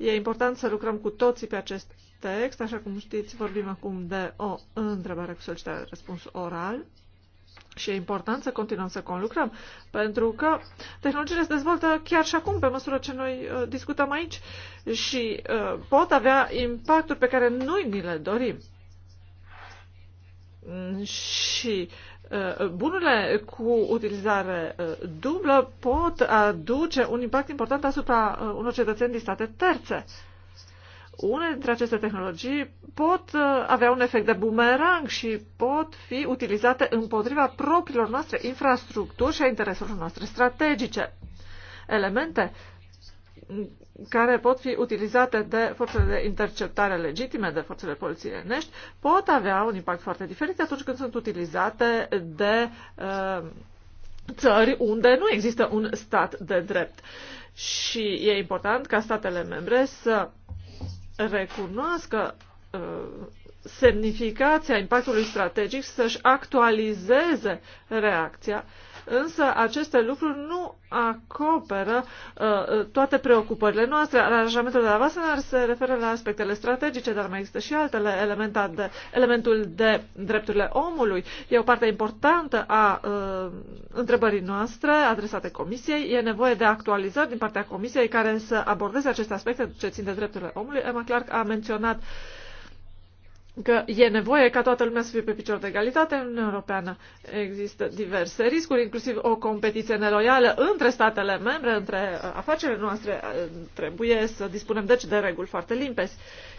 E important să lucrăm cu toții pe acest text. Așa cum știți, vorbim acum de o întrebare cu solicitare de răspuns oral. Și e important să continuăm să conlucrăm, pentru că tehnologiile se dezvoltă chiar și acum, pe măsură ce noi uh, discutăm aici, și uh, pot avea impacturi pe care noi ni le dorim. Și uh, Uh, bunurile cu utilizare uh, dublă pot aduce un impact important asupra uh, unor cetățeni din state terțe. Unele dintre aceste tehnologii pot avea un efect de bumerang și pot fi utilizate împotriva propriilor noastre infrastructuri și a intereselor noastre strategice. Elemente care pot fi utilizate de forțele de interceptare legitime, de forțele poliției, nești pot avea un impact foarte diferit atunci când sunt utilizate de uh, țări unde nu există un stat de drept. Și e important ca statele membre să recunoască uh, semnificația impactului strategic, să-și actualizeze reacția uh, Însă aceste lucruri nu acoperă uh, uh, toate preocupările noastre. Aranjamentul de la Wassenaar se referă la aspectele strategice, dar mai există și altele, de, elementul de drepturile omului. E o parte importantă a uh, întrebării noastre adresate Comisiei. E nevoie de actualizări din partea Comisiei care să abordeze aceste aspecte ce țin de drepturile omului. Emma Clark a menționat uh, că e nevoie ca toată lumea să fie pe picior de egalitate în Uniunea Europeană. Există diverse riscuri, inclusiv o competiție neloială între statele membre, între uh, afacerile noastre. Uh, trebuie să dispunem deci de reguli foarte limpezi.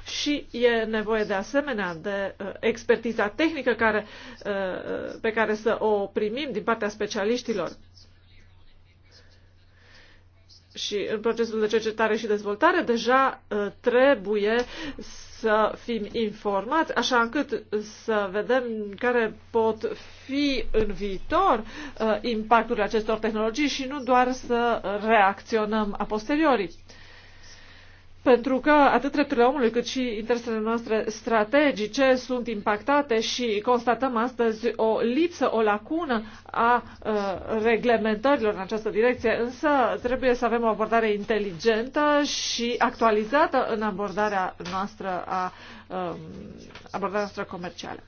Și e nevoie de asemenea de uh, expertiza tehnică care, pe care să o primim din partea specialiștilor. Și în procesul de cercetare și dezvoltare deja trebuie să să fim informați, așa încât să vedem care pot fi în viitor uh, impactul acestor tehnologii și nu doar să reacționăm a posteriori pentru că atât drepturile omului cât și interesele noastre strategice sunt impactate și constatăm astăzi o lipsă, o lacună a uh, reglementărilor în această direcție, însă trebuie să avem o abordare inteligentă și actualizată în abordarea noastră, a, uh, abordarea noastră comercială.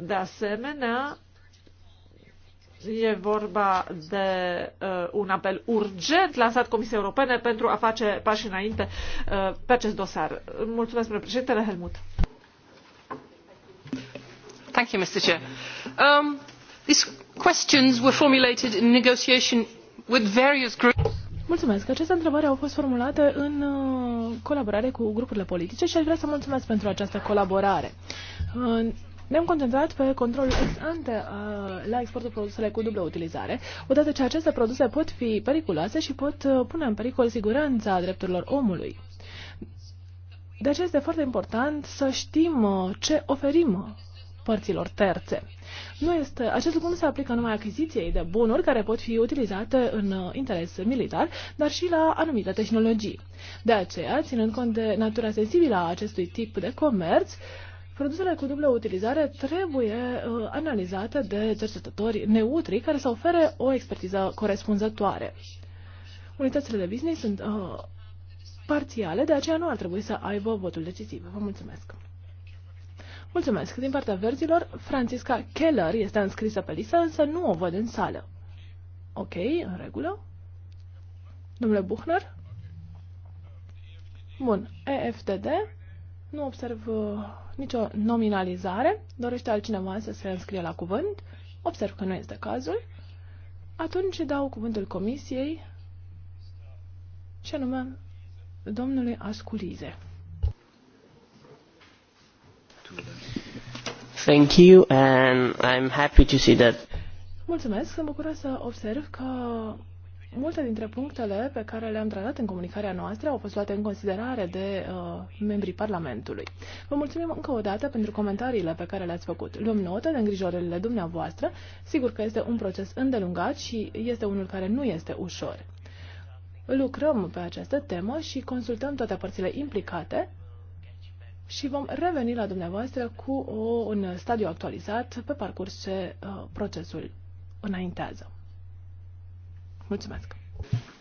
De asemenea, E vorba de uh, un apel urgent lansat Comisiei Europene pentru a face pași înainte uh, pe acest dosar. Mulțumesc, domnule președintele Helmut. Thank you, Mr. Chair. Um, these questions were formulated in negotiation with various groups. Mulțumesc. Aceste întrebări au fost formulate în uh, colaborare cu grupurile politice și aș vrea să mulțumesc pentru această colaborare. Uh, ne-am concentrat pe controlul ex ante uh, la exportul produselor cu dublă utilizare, odată ce aceste produse pot fi periculoase și pot uh, pune în pericol siguranța drepturilor omului. De aceea este foarte important să știm uh, ce oferim părților terțe. Nu este, acest lucru nu se aplică numai achiziției de bunuri care pot fi utilizate în uh, interes militar, dar și la anumite tehnologii. De aceea, ținând cont de natura sensibilă a acestui tip de comerț, uh, Produsele cu dublă utilizare trebuie uh, analizate de cercetători neutri care să ofere o expertiză corespunzătoare. Unitățile de business sunt uh, parțiale, de aceea nu ar trebui să aibă votul decisiv. Vă mulțumesc! Mulțumesc! Din partea verzilor, Francisca Keller este înscrisă pe listă, însă nu o văd în sală. Ok, în regulă. Domnule Buchner? Bun, EFTD. Nu observ uh, nicio nominalizare. Dorește altcineva să se înscrie la cuvânt? Observ că nu este cazul. Atunci dau cuvântul comisiei și anume domnului Asculize. Thank you and I'm happy to see that. Mulțumesc, sunt bucuros să observ că Multe dintre punctele pe care le-am tratat în comunicarea noastră au fost luate în considerare de uh, membrii Parlamentului. Vă mulțumim încă o dată pentru comentariile pe care le-ați făcut. Luăm notă de îngrijorările dumneavoastră. Sigur că este un proces îndelungat și este unul care nu este ușor. Lucrăm pe această temă și consultăm toate părțile implicate și vom reveni la dumneavoastră cu o, un stadiu actualizat pe parcurs ce uh, procesul înaintează. Mulțumesc!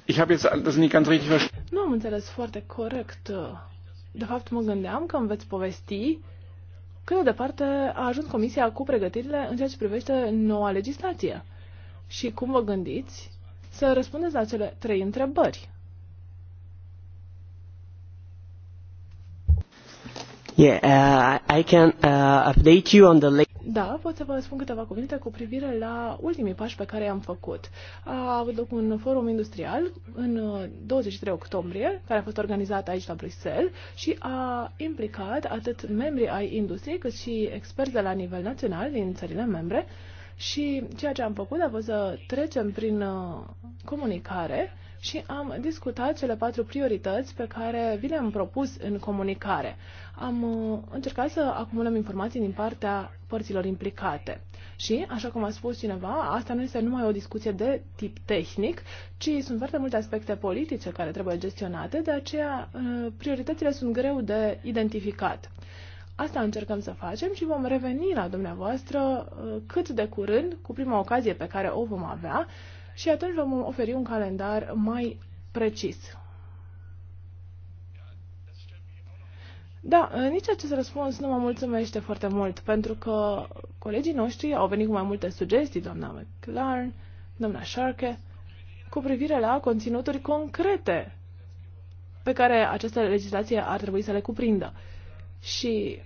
Ich habe jetzt das nicht ganz richtig verstanden. Nu am înțeles foarte corect. De fapt, mă gândeam că îmi veți povesti cât de departe a ajuns Comisia cu pregătirile în ceea ce privește noua legislație și cum vă gândiți să răspundeți la cele trei întrebări. Yeah, uh, I can uh, update you on the da, pot să vă spun câteva cuvinte cu privire la ultimii pași pe care i-am făcut. A avut loc un forum industrial în 23 uh, octombrie, care a fost organizat aici la Bruxelles și a implicat atât membrii ai industriei cât și experți de la nivel național din țările membre. Și ceea ce am făcut a fost să trecem prin uh, comunicare și am discutat cele patru priorități pe care vi le-am propus în comunicare. Am uh, încercat să acumulăm informații din partea părților implicate. Și, așa cum a spus cineva, asta nu este numai o discuție de tip tehnic, ci sunt foarte multe aspecte politice care trebuie gestionate, de aceea uh, prioritățile sunt greu de identificat. Asta încercăm să facem și vom reveni la dumneavoastră uh, cât de curând, cu prima ocazie pe care o vom avea, și atunci vom oferi un calendar mai precis. Da, nici acest răspuns nu mă mulțumește foarte mult, pentru că colegii noștri au venit cu mai multe sugestii, doamna McLaren, doamna Sharke, cu privire la conținuturi concrete pe care această legislație ar trebui să le cuprindă. Și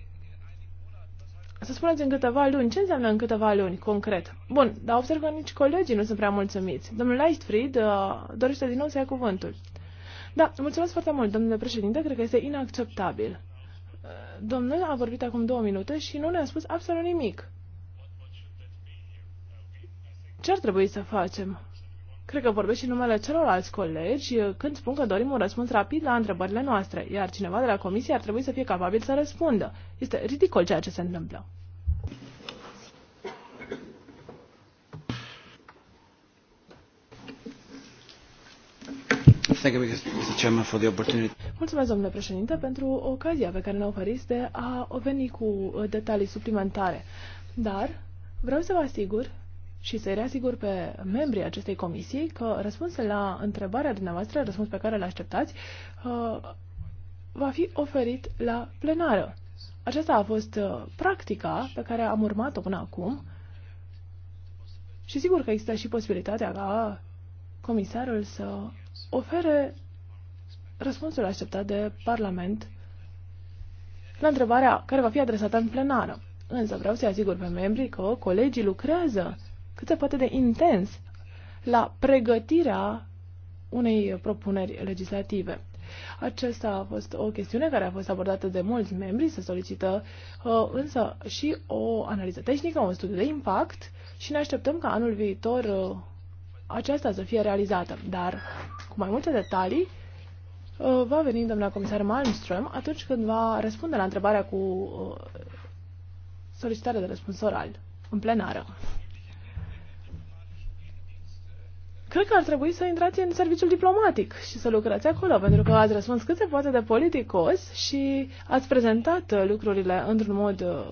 să spuneți în câteva luni. Ce înseamnă în câteva luni, concret? Bun, dar observ că nici colegii nu sunt prea mulțumiți. Domnul Leistfried uh, dorește din nou să ia cuvântul. Da, mulțumesc foarte mult, domnule președinte, cred că este inacceptabil. Uh, domnul a vorbit acum două minute și nu ne-a spus absolut nimic. Ce ar trebui să facem? Cred că vorbesc și numele celorlalți colegi eh, când spun că dorim un răspuns rapid la întrebările noastre, iar cineva de la comisie ar trebui să fie capabil să răspundă. Este ridicol ceea ce se întâmplă. Mulțumesc, domnule președinte, pentru ocazia pe care ne oferiți de a veni cu eh, detalii suplimentare. Dar vreau să vă asigur și să-i reasigur pe membrii acestei comisii că răspunsul la întrebarea dumneavoastră, răspuns pe care îl așteptați, uh, va fi oferit la plenară. Aceasta a fost uh, practica pe care am urmat-o până acum și sigur că există și posibilitatea ca comisarul să ofere răspunsul așteptat de Parlament la întrebarea care va fi adresată în plenară. Însă vreau să-i asigur pe membrii că colegii lucrează cât se poate de intens la pregătirea unei propuneri legislative. Acesta a fost o chestiune care a fost abordată de mulți membri, se solicită uh, însă și o analiză tehnică, un studiu de impact și ne așteptăm ca anul viitor uh, aceasta să fie realizată. Dar cu mai multe detalii uh, va veni doamna comisar Malmström atunci când va răspunde la întrebarea cu solicitarea de răspuns oral în plenară. Cred că ar trebui să intrați în serviciul diplomatic și să lucrați acolo, pentru că ați răspuns cât se poate de politicos și ați prezentat uh, lucrurile într-un mod uh,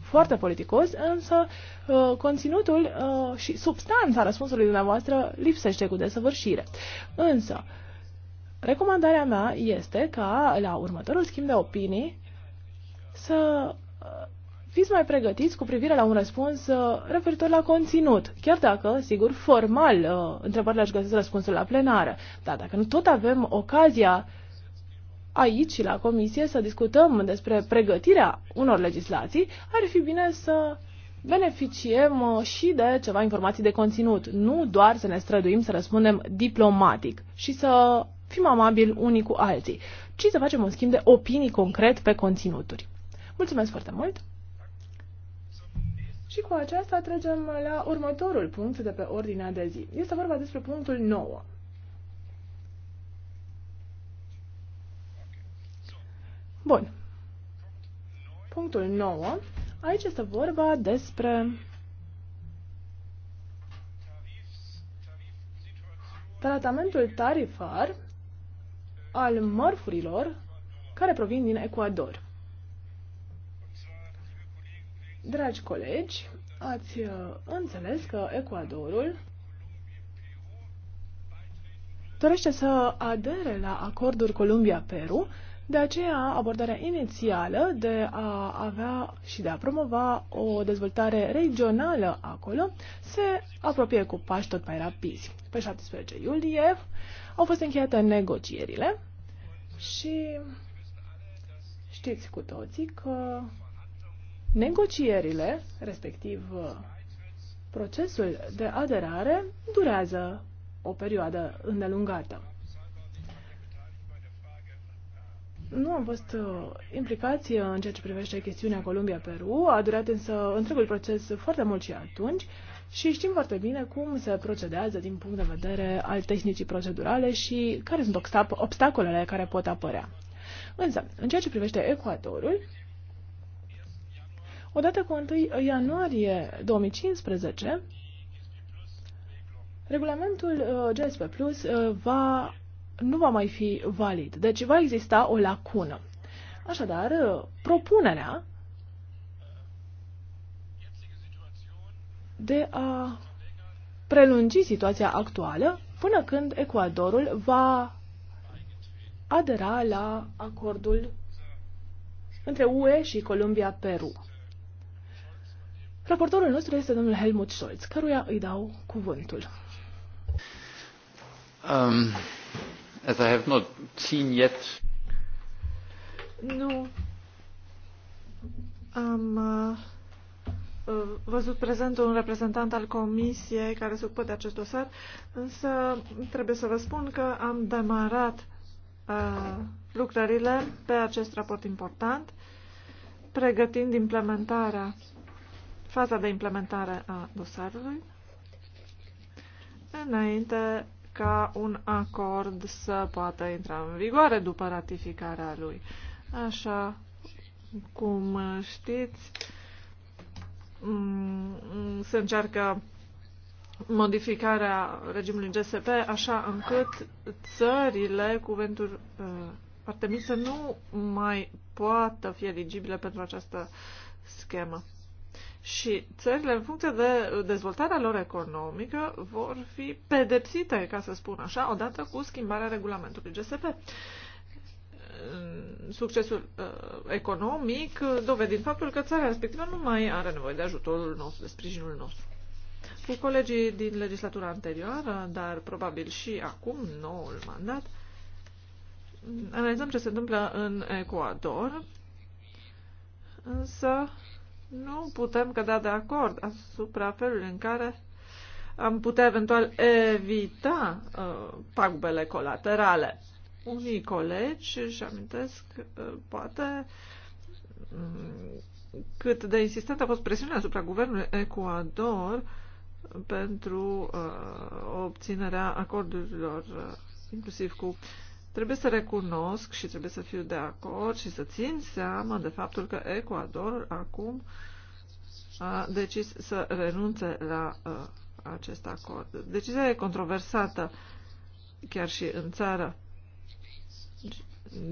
foarte politicos, însă uh, conținutul și substanța răspunsului dumneavoastră lipsește cu desăvârșire. Însă, recomandarea mea este ca la următorul schimb de opinii să fiți mai pregătiți cu privire la un răspuns uh, referitor la conținut, chiar dacă, sigur, formal, uh, întrebările aș găsesc răspunsul la plenară. Dar dacă nu tot avem ocazia aici, la comisie, să discutăm despre pregătirea unor legislații, ar fi bine să beneficiem uh, și de ceva informații de conținut, nu doar să ne străduim să răspundem diplomatic și să fim amabili unii cu alții, ci să facem un schimb de opinii concret pe conținuturi. Mulțumesc foarte mult! Și cu aceasta trecem la următorul punct de pe ordinea de zi. Este vorba despre punctul 9. Bun. Punctul 9. Aici este vorba despre tratamentul tarifar al mărfurilor care provin din Ecuador. Dragi colegi, ați uh, înțeles că Ecuadorul dorește să adere la acordul Columbia-Peru, de aceea abordarea inițială de a avea și de a promova o dezvoltare regională acolo se apropie cu pași tot mai rapizi. Pe 17 iulie au fost încheiate negocierile și știți cu toții că Negocierile, respectiv uh, procesul de aderare, durează o perioadă îndelungată. Nu am fost uh, implicați în ceea ce privește chestiunea Columbia-Peru, a durat însă întregul proces foarte mult și atunci și știm foarte bine cum se procedează din punct de vedere al tehnicii procedurale și care sunt obstacolele care pot apărea. Însă, în ceea ce privește Ecuadorul, Odată cu 1 ianuarie 2015, regulamentul uh, GSP Plus uh, va, nu va mai fi valid. Deci va exista o lacună. Așadar, uh, propunerea de a prelungi situația actuală până când Ecuadorul va adera la acordul între UE și Columbia-Peru. Raportorul nostru este domnul Helmut Scholz, căruia îi dau cuvântul. Um, as I have not seen yet... Nu am uh, uh văzut prezent un reprezentant al comisiei care se ocupă de acest dosar, însă trebuie să vă spun că am demarat uh, lucrările pe acest raport important, pregătind implementarea faza de implementare a dosarului înainte ca un acord să poată intra în vigoare după ratificarea lui. Așa cum știți, mm, se încearcă modificarea regimului GSP așa încât țările cu venturi foarte uh, mici să nu mai poată fi eligibile pentru această schemă. Și țările, în funcție de dezvoltarea lor economică, vor fi pedepsite, ca să spun așa, odată cu schimbarea regulamentului GSP. Succesul uh, economic dovedind faptul că țara respectivă nu mai are nevoie de ajutorul nostru, de sprijinul nostru. Cu colegii din legislatura anterioară, dar probabil și acum, noul mandat, analizăm ce se întâmplă în Ecuador, însă nu putem cădea de acord asupra felului în care am putea eventual evita uh, pagubele colaterale. Unii colegi își amintesc, uh, poate, um, cât de insistent a fost presiunea asupra guvernului Ecuador pentru uh, obținerea acordurilor, uh, inclusiv cu Trebuie să recunosc și trebuie să fiu de acord și să țin seama de faptul că Ecuador acum a decis să renunțe la uh, acest acord. Decizia e controversată chiar și în țară.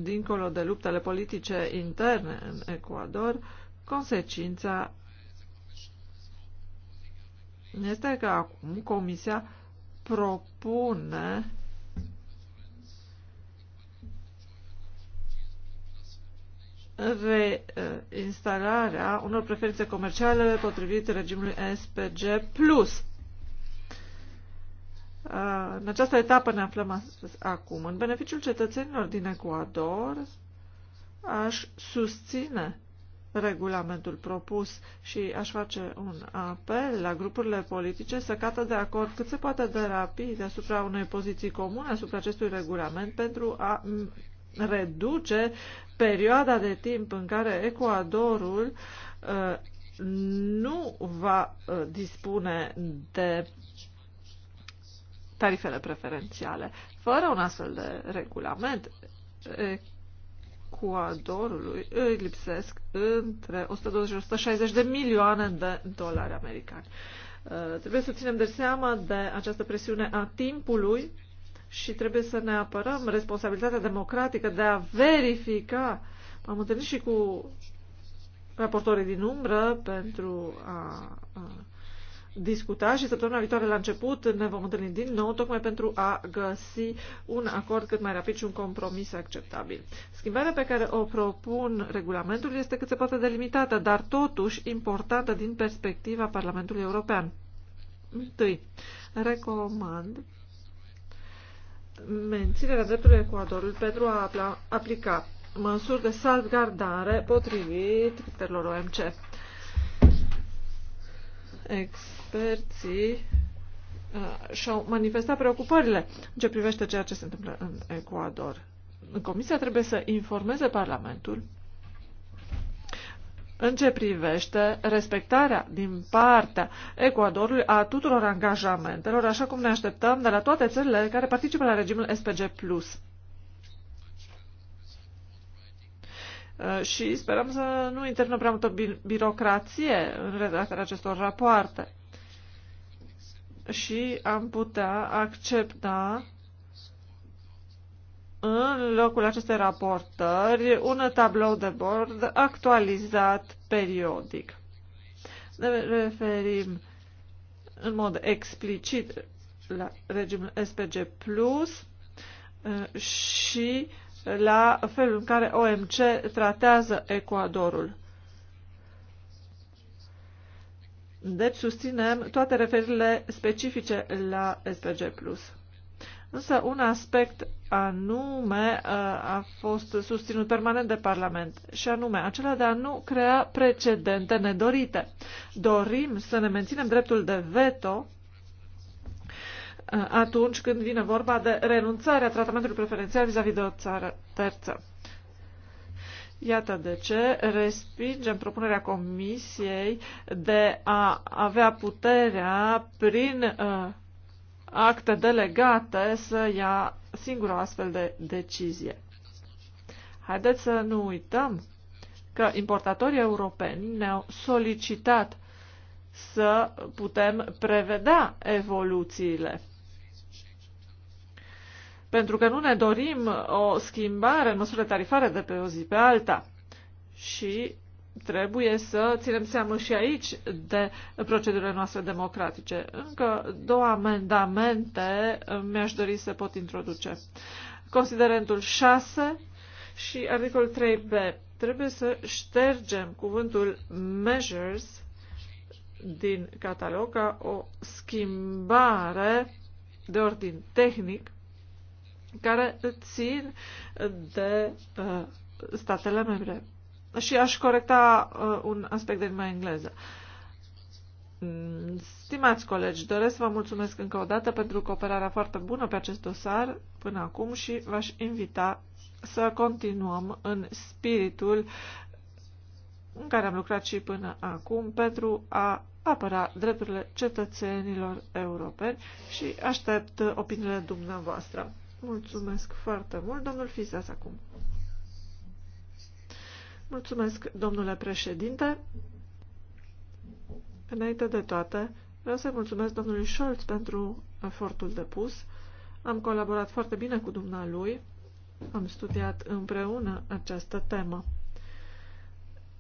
Dincolo de luptele politice interne în Ecuador, consecința este că acum Comisia propune reinstalarea unor preferințe comerciale potrivit regimului SPG+. În această etapă ne aflăm acum. În beneficiul cetățenilor din Ecuador, aș susține regulamentul propus și aș face un apel la grupurile politice să cată de acord cât se poate de rapid asupra unei poziții comune asupra acestui regulament pentru a reduce perioada de timp în care Ecuadorul uh, nu va uh, dispune de tarifele preferențiale. Fără un astfel de regulament, Ecuadorului îi lipsesc între 120 și 160 de milioane de dolari americani. Uh, trebuie să ținem de seama de această presiune a timpului și trebuie să ne apărăm responsabilitatea democratică de a verifica. am întâlnit și cu raportorii din umbră pentru a, a discuta și săptămâna viitoare la început ne vom întâlni din nou tocmai pentru a găsi un acord cât mai rapid și un compromis acceptabil. Schimbarea pe care o propun regulamentul este cât se poate delimitată, dar totuși importantă din perspectiva Parlamentului European. Întâi, recomand menținerea dreptului Ecuadorului pentru a apla, aplica măsuri de salvgardare potrivit criteriilor OMC. Experții uh, și-au manifestat preocupările în ce privește ceea ce se întâmplă în Ecuador. Comisia trebuie să informeze Parlamentul în ce privește respectarea din partea Ecuadorului a tuturor angajamentelor, așa cum ne așteptăm de la toate țările care participă la regimul SPG+. Uh, și sperăm să nu internă prea multă birocrație în redactarea acestor rapoarte. Și am putea accepta în locul acestei raportări un tablou de bord actualizat periodic. Ne referim în mod explicit la regimul SPG Plus eh, și la felul în care OMC tratează Ecuadorul. Deci susținem toate referirile specifice la SPG+. Însă un aspect anume uh, a fost susținut permanent de Parlament și anume acela de a nu crea precedente nedorite. Dorim să ne menținem dreptul de veto uh, atunci când vine vorba de renunțarea tratamentului preferențial vis-a-vis -vis de o țară terță. Iată de ce respingem propunerea Comisiei de a avea puterea prin uh, acte delegate să ia singură astfel de decizie. Haideți să nu uităm că importatorii europeni ne-au solicitat să putem prevedea evoluțiile. Pentru că nu ne dorim o schimbare în măsurile tarifare de pe o zi pe alta. Și trebuie să ținem seamă și aici de procedurile noastre democratice. Încă două amendamente uh, mi-aș dori să pot introduce. Considerentul 6 și articolul 3b. Trebuie să ștergem cuvântul measures din catalog ca o schimbare de ordin tehnic care țin de uh, statele membre și aș corecta uh, un aspect din mai engleză. Mm, stimați colegi, doresc să vă mulțumesc încă o dată pentru cooperarea foarte bună pe acest dosar până acum și v-aș invita să continuăm în spiritul în care am lucrat și până acum pentru a apăra drepturile cetățenilor europeni și aștept opiniile dumneavoastră. Mulțumesc foarte mult, domnul Fisas, acum. Mulțumesc, domnule președinte. Înainte de toate, vreau să mulțumesc domnului Scholz pentru efortul depus. Am colaborat foarte bine cu dumnealui. Am studiat împreună această temă.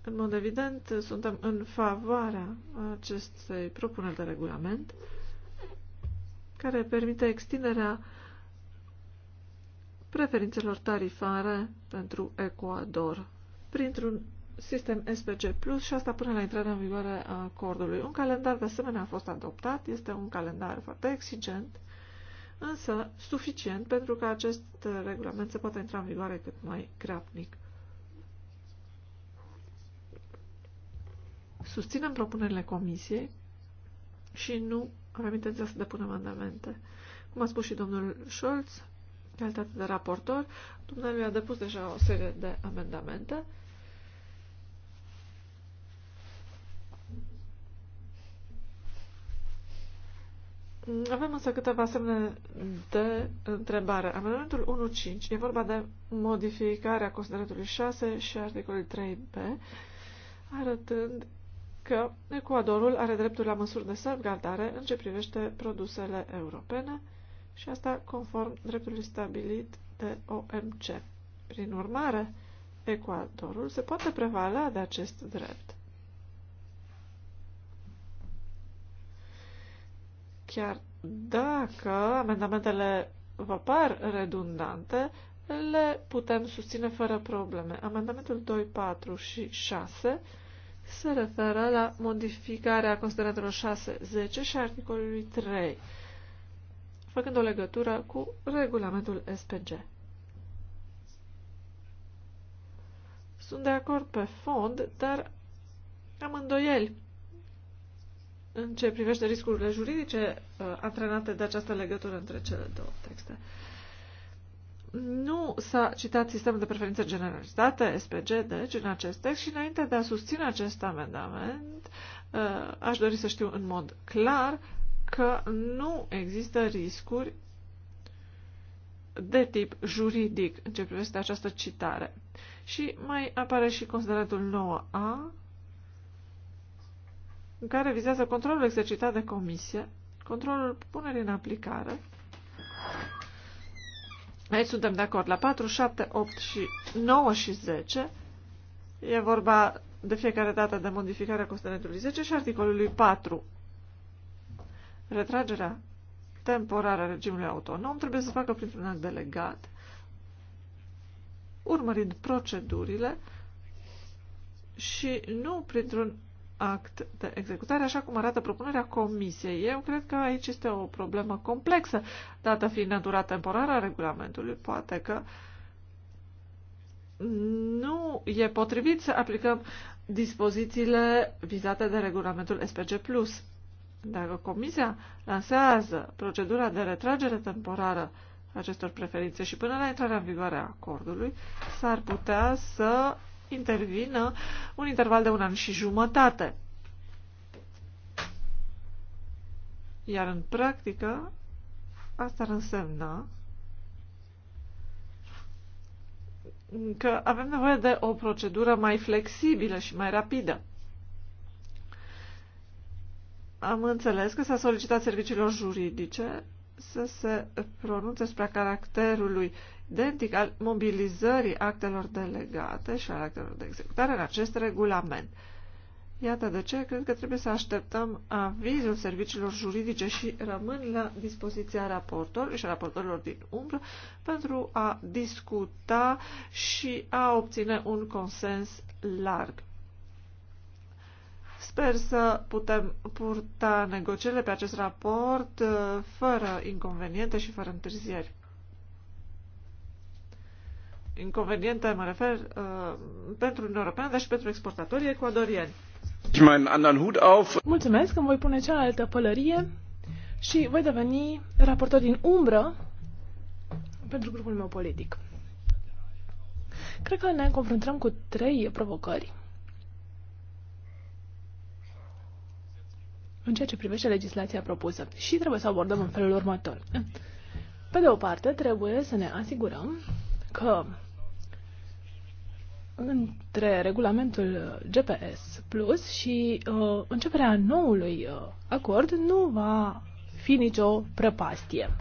În mod evident, suntem în favoarea acestei propuneri de regulament care permite extinderea preferințelor tarifare pentru Ecuador printr-un sistem SPC Plus și asta până la intrarea în vigoare a acordului. Un calendar de asemenea a fost adoptat, este un calendar foarte exigent, însă suficient pentru ca acest regulament să poată intra în vigoare cât mai grabnic. Susținem propunerile comisiei și nu avem intenția să depunem amendamente. Cum a spus și domnul Scholz, calitate de raportor. Dumnealui a depus deja o serie de amendamente. Avem însă câteva semne de întrebare. Amendamentul 1.5 e vorba de modificarea considerentului 6 și articolului 3b, arătând că Ecuadorul are dreptul la măsuri de salvgardare în ce privește produsele europene, și asta conform dreptului stabilit de OMC. Prin urmare, Ecuadorul se poate prevala de acest drept. Chiar dacă amendamentele vă par redundante, le putem susține fără probleme. Amendamentul 2, 4 și 6 se referă la modificarea consideratelor 6, 10 și articolului 3 făcând o legătură cu regulamentul SPG. Sunt de acord pe fond, dar am îndoieli în ce privește riscurile juridice uh, antrenate de această legătură între cele două texte. Nu s-a citat sistemul de preferințe generalizate, SPG, deci, în acest text și înainte de a susține acest amendament, uh, aș dori să știu în mod clar că nu există riscuri de tip juridic în ce privește această citare. Și mai apare și consideratul 9a, în care vizează controlul exercitat de comisie, controlul punerii în aplicare. Aici suntem de acord la 4, 7, 8 și 9 și 10. E vorba de fiecare dată de modificarea considerentului 10 și articolului 4 Retragerea temporară a regimului autonom trebuie să se facă printr-un act delegat, urmărind procedurile și nu printr-un act de executare, așa cum arată propunerea Comisiei. Eu cred că aici este o problemă complexă, dată fiind natura temporară a regulamentului. Poate că nu e potrivit să aplicăm dispozițiile vizate de regulamentul SPG+. Dacă Comisia lansează procedura de retragere temporară acestor preferințe și până la intrarea în vigoare a acordului, s-ar putea să intervină un interval de un an și jumătate. Iar în practică, asta ar însemna că avem nevoie de o procedură mai flexibilă și mai rapidă. Am înțeles că s-a solicitat serviciilor juridice să se pronunțe spre caracterului identic al mobilizării actelor delegate și al actelor de executare în acest regulament. Iată de ce cred că trebuie să așteptăm avizul serviciilor juridice și rămân la dispoziția raportorului și a raportorilor din umbră pentru a discuta și a obține un consens larg. Sper să putem purta negocierile pe acest raport uh, fără inconveniente și fără întârzieri. Inconveniente, mă refer, uh, pentru Uniunea Europeană, dar și pentru exportatorii ecuadorieni. Mulțumesc, îmi voi pune cealaltă pălărie și voi deveni raportor din umbră pentru grupul meu politic. Cred că ne confruntăm cu trei provocări în ceea ce privește legislația propusă și trebuie să abordăm în felul următor. Pe de o parte, trebuie să ne asigurăm că între regulamentul GPS Plus și uh, începerea noului uh, acord nu va fi nicio prăpastie.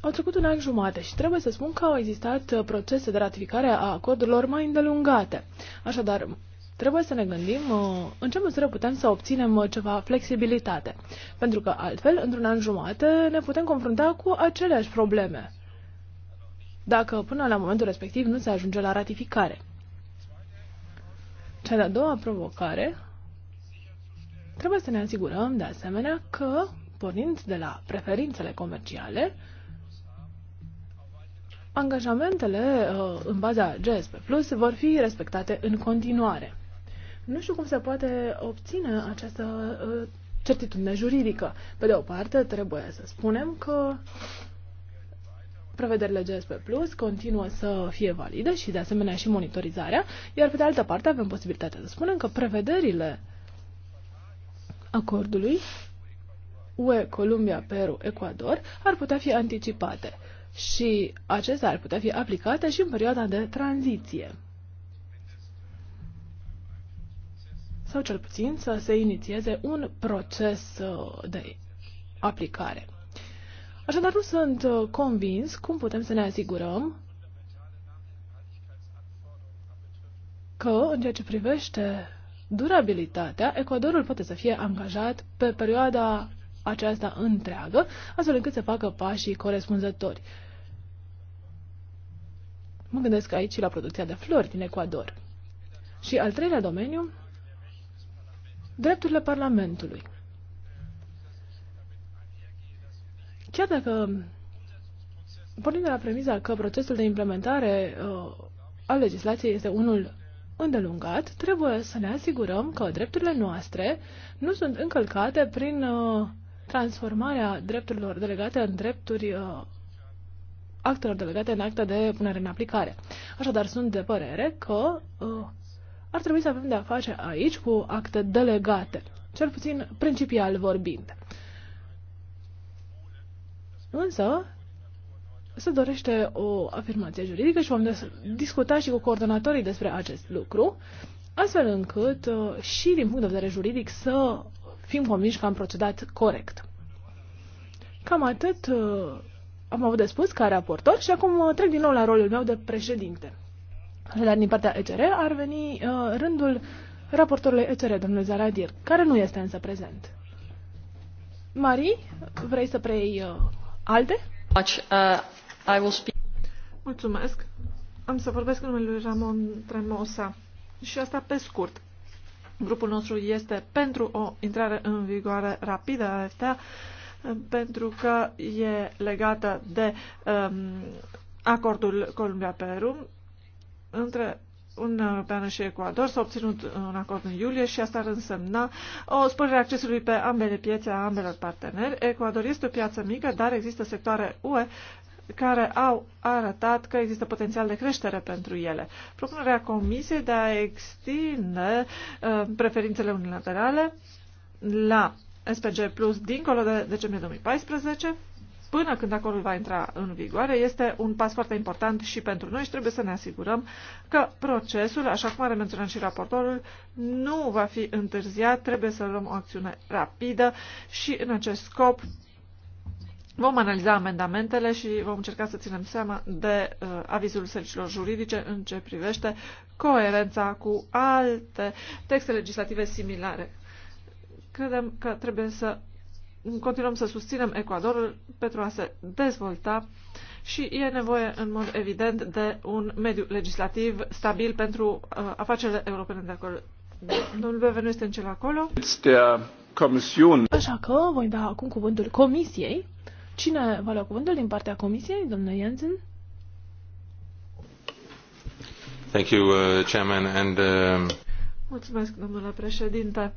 Au trecut un an jumate și trebuie să spun că au existat uh, procese de ratificare a acordurilor mai îndelungate. Așadar, trebuie să ne gândim uh, în ce măsură putem să obținem uh, ceva flexibilitate. Pentru că altfel, într-un an jumate, ne putem confrunta cu aceleași probleme. Dacă până la momentul respectiv nu se ajunge la ratificare. Cea de-a doua provocare trebuie să ne asigurăm de asemenea că, pornind de la preferințele comerciale, angajamentele uh, în baza GSP Plus vor fi respectate în continuare. Nu știu cum se poate obține această uh, certitudine juridică. Pe de o parte, trebuie să spunem că prevederile GSP Plus continuă să fie valide și de asemenea și monitorizarea, iar pe de altă parte avem posibilitatea să spunem că prevederile acordului UE, Columbia, Peru, Ecuador ar putea fi anticipate și acestea ar putea fi aplicate și în perioada de tranziție. sau cel puțin să se inițieze un proces uh, de aplicare. Așadar, nu sunt uh, convins cum putem să ne asigurăm că, în ceea ce privește durabilitatea, Ecuadorul poate să fie angajat pe perioada aceasta întreagă, astfel încât să facă pașii corespunzători. Mă gândesc aici la producția de flori din Ecuador. Și al treilea domeniu drepturile Parlamentului. Chiar dacă pornind de la premiza că procesul de implementare uh, al legislației este unul îndelungat, trebuie să ne asigurăm că drepturile noastre nu sunt încălcate prin uh, transformarea drepturilor delegate în drepturi uh, actelor delegate în acte de punere în aplicare. Așadar, sunt de părere că uh, ar trebui să avem de-a face aici cu acte delegate, cel puțin principial vorbind. Însă, se dorește o afirmație juridică și vom discuta și cu coordonatorii despre acest lucru, astfel încât uh, și din punct de vedere juridic să fim convinși că am procedat corect. Cam atât uh, am avut de spus ca raportor și acum uh, trec din nou la rolul meu de președinte dar din partea ECR ar veni uh, rândul raportorului ECR, domnul Zaradir, care nu este însă prezent. Marie, vrei să preiei uh, alte? Much, uh, I will speak. Mulțumesc. Am să vorbesc în numele lui Ramon Tremosa și asta pe scurt. Grupul nostru este pentru o intrare în vigoare rapidă a FTA uh, pentru că e legată de um, acordul Columbia-Peru între un PNR și Ecuador. S-a obținut un acord în iulie și asta ar însemna o sporire accesului pe ambele piețe a ambelor parteneri. Ecuador este o piață mică, dar există sectoare UE care au arătat că există potențial de creștere pentru ele. Propunerea Comisiei de a extinde uh, preferințele unilaterale la SPG Plus dincolo de decembrie 2014 până când acordul va intra în vigoare este un pas foarte important și pentru noi și trebuie să ne asigurăm că procesul, așa cum are menționat și raportorul, nu va fi întârziat, trebuie să luăm o acțiune rapidă și în acest scop Vom analiza amendamentele și vom încerca să ținem seama de uh, avizul serviciilor juridice în ce privește coerența cu alte texte legislative similare. Credem că trebuie să continuăm să susținem Ecuadorul pentru a se dezvolta și e nevoie, în mod evident, de un mediu legislativ stabil pentru uh, afacerile europene de acolo. Domnul Bever nu este în cel acolo. Așa că voi da acum cuvântul Comisiei. Cine va lua cuvântul din partea Comisiei, domnule Jensen? Thank you, uh, Chairman, and, uh... Mulțumesc, domnule președinte.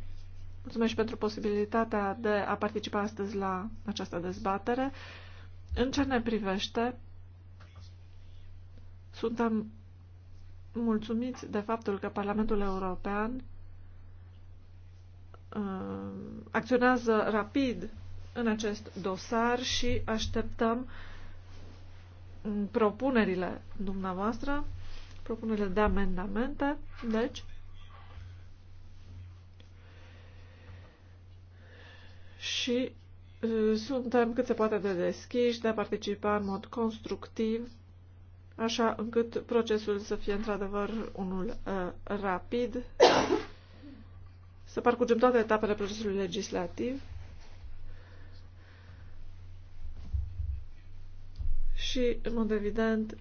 Mulțumesc și pentru posibilitatea de a participa astăzi la această dezbatere. În ce ne privește, suntem mulțumiți de faptul că Parlamentul European uh, acționează rapid în acest dosar și așteptăm propunerile dumneavoastră, propunerile de amendamente, deci și uh, suntem cât se poate de deschiși, de a participa în mod constructiv, așa încât procesul să fie într-adevăr unul uh, rapid, să parcurgem toate etapele procesului legislativ și, în mod evident,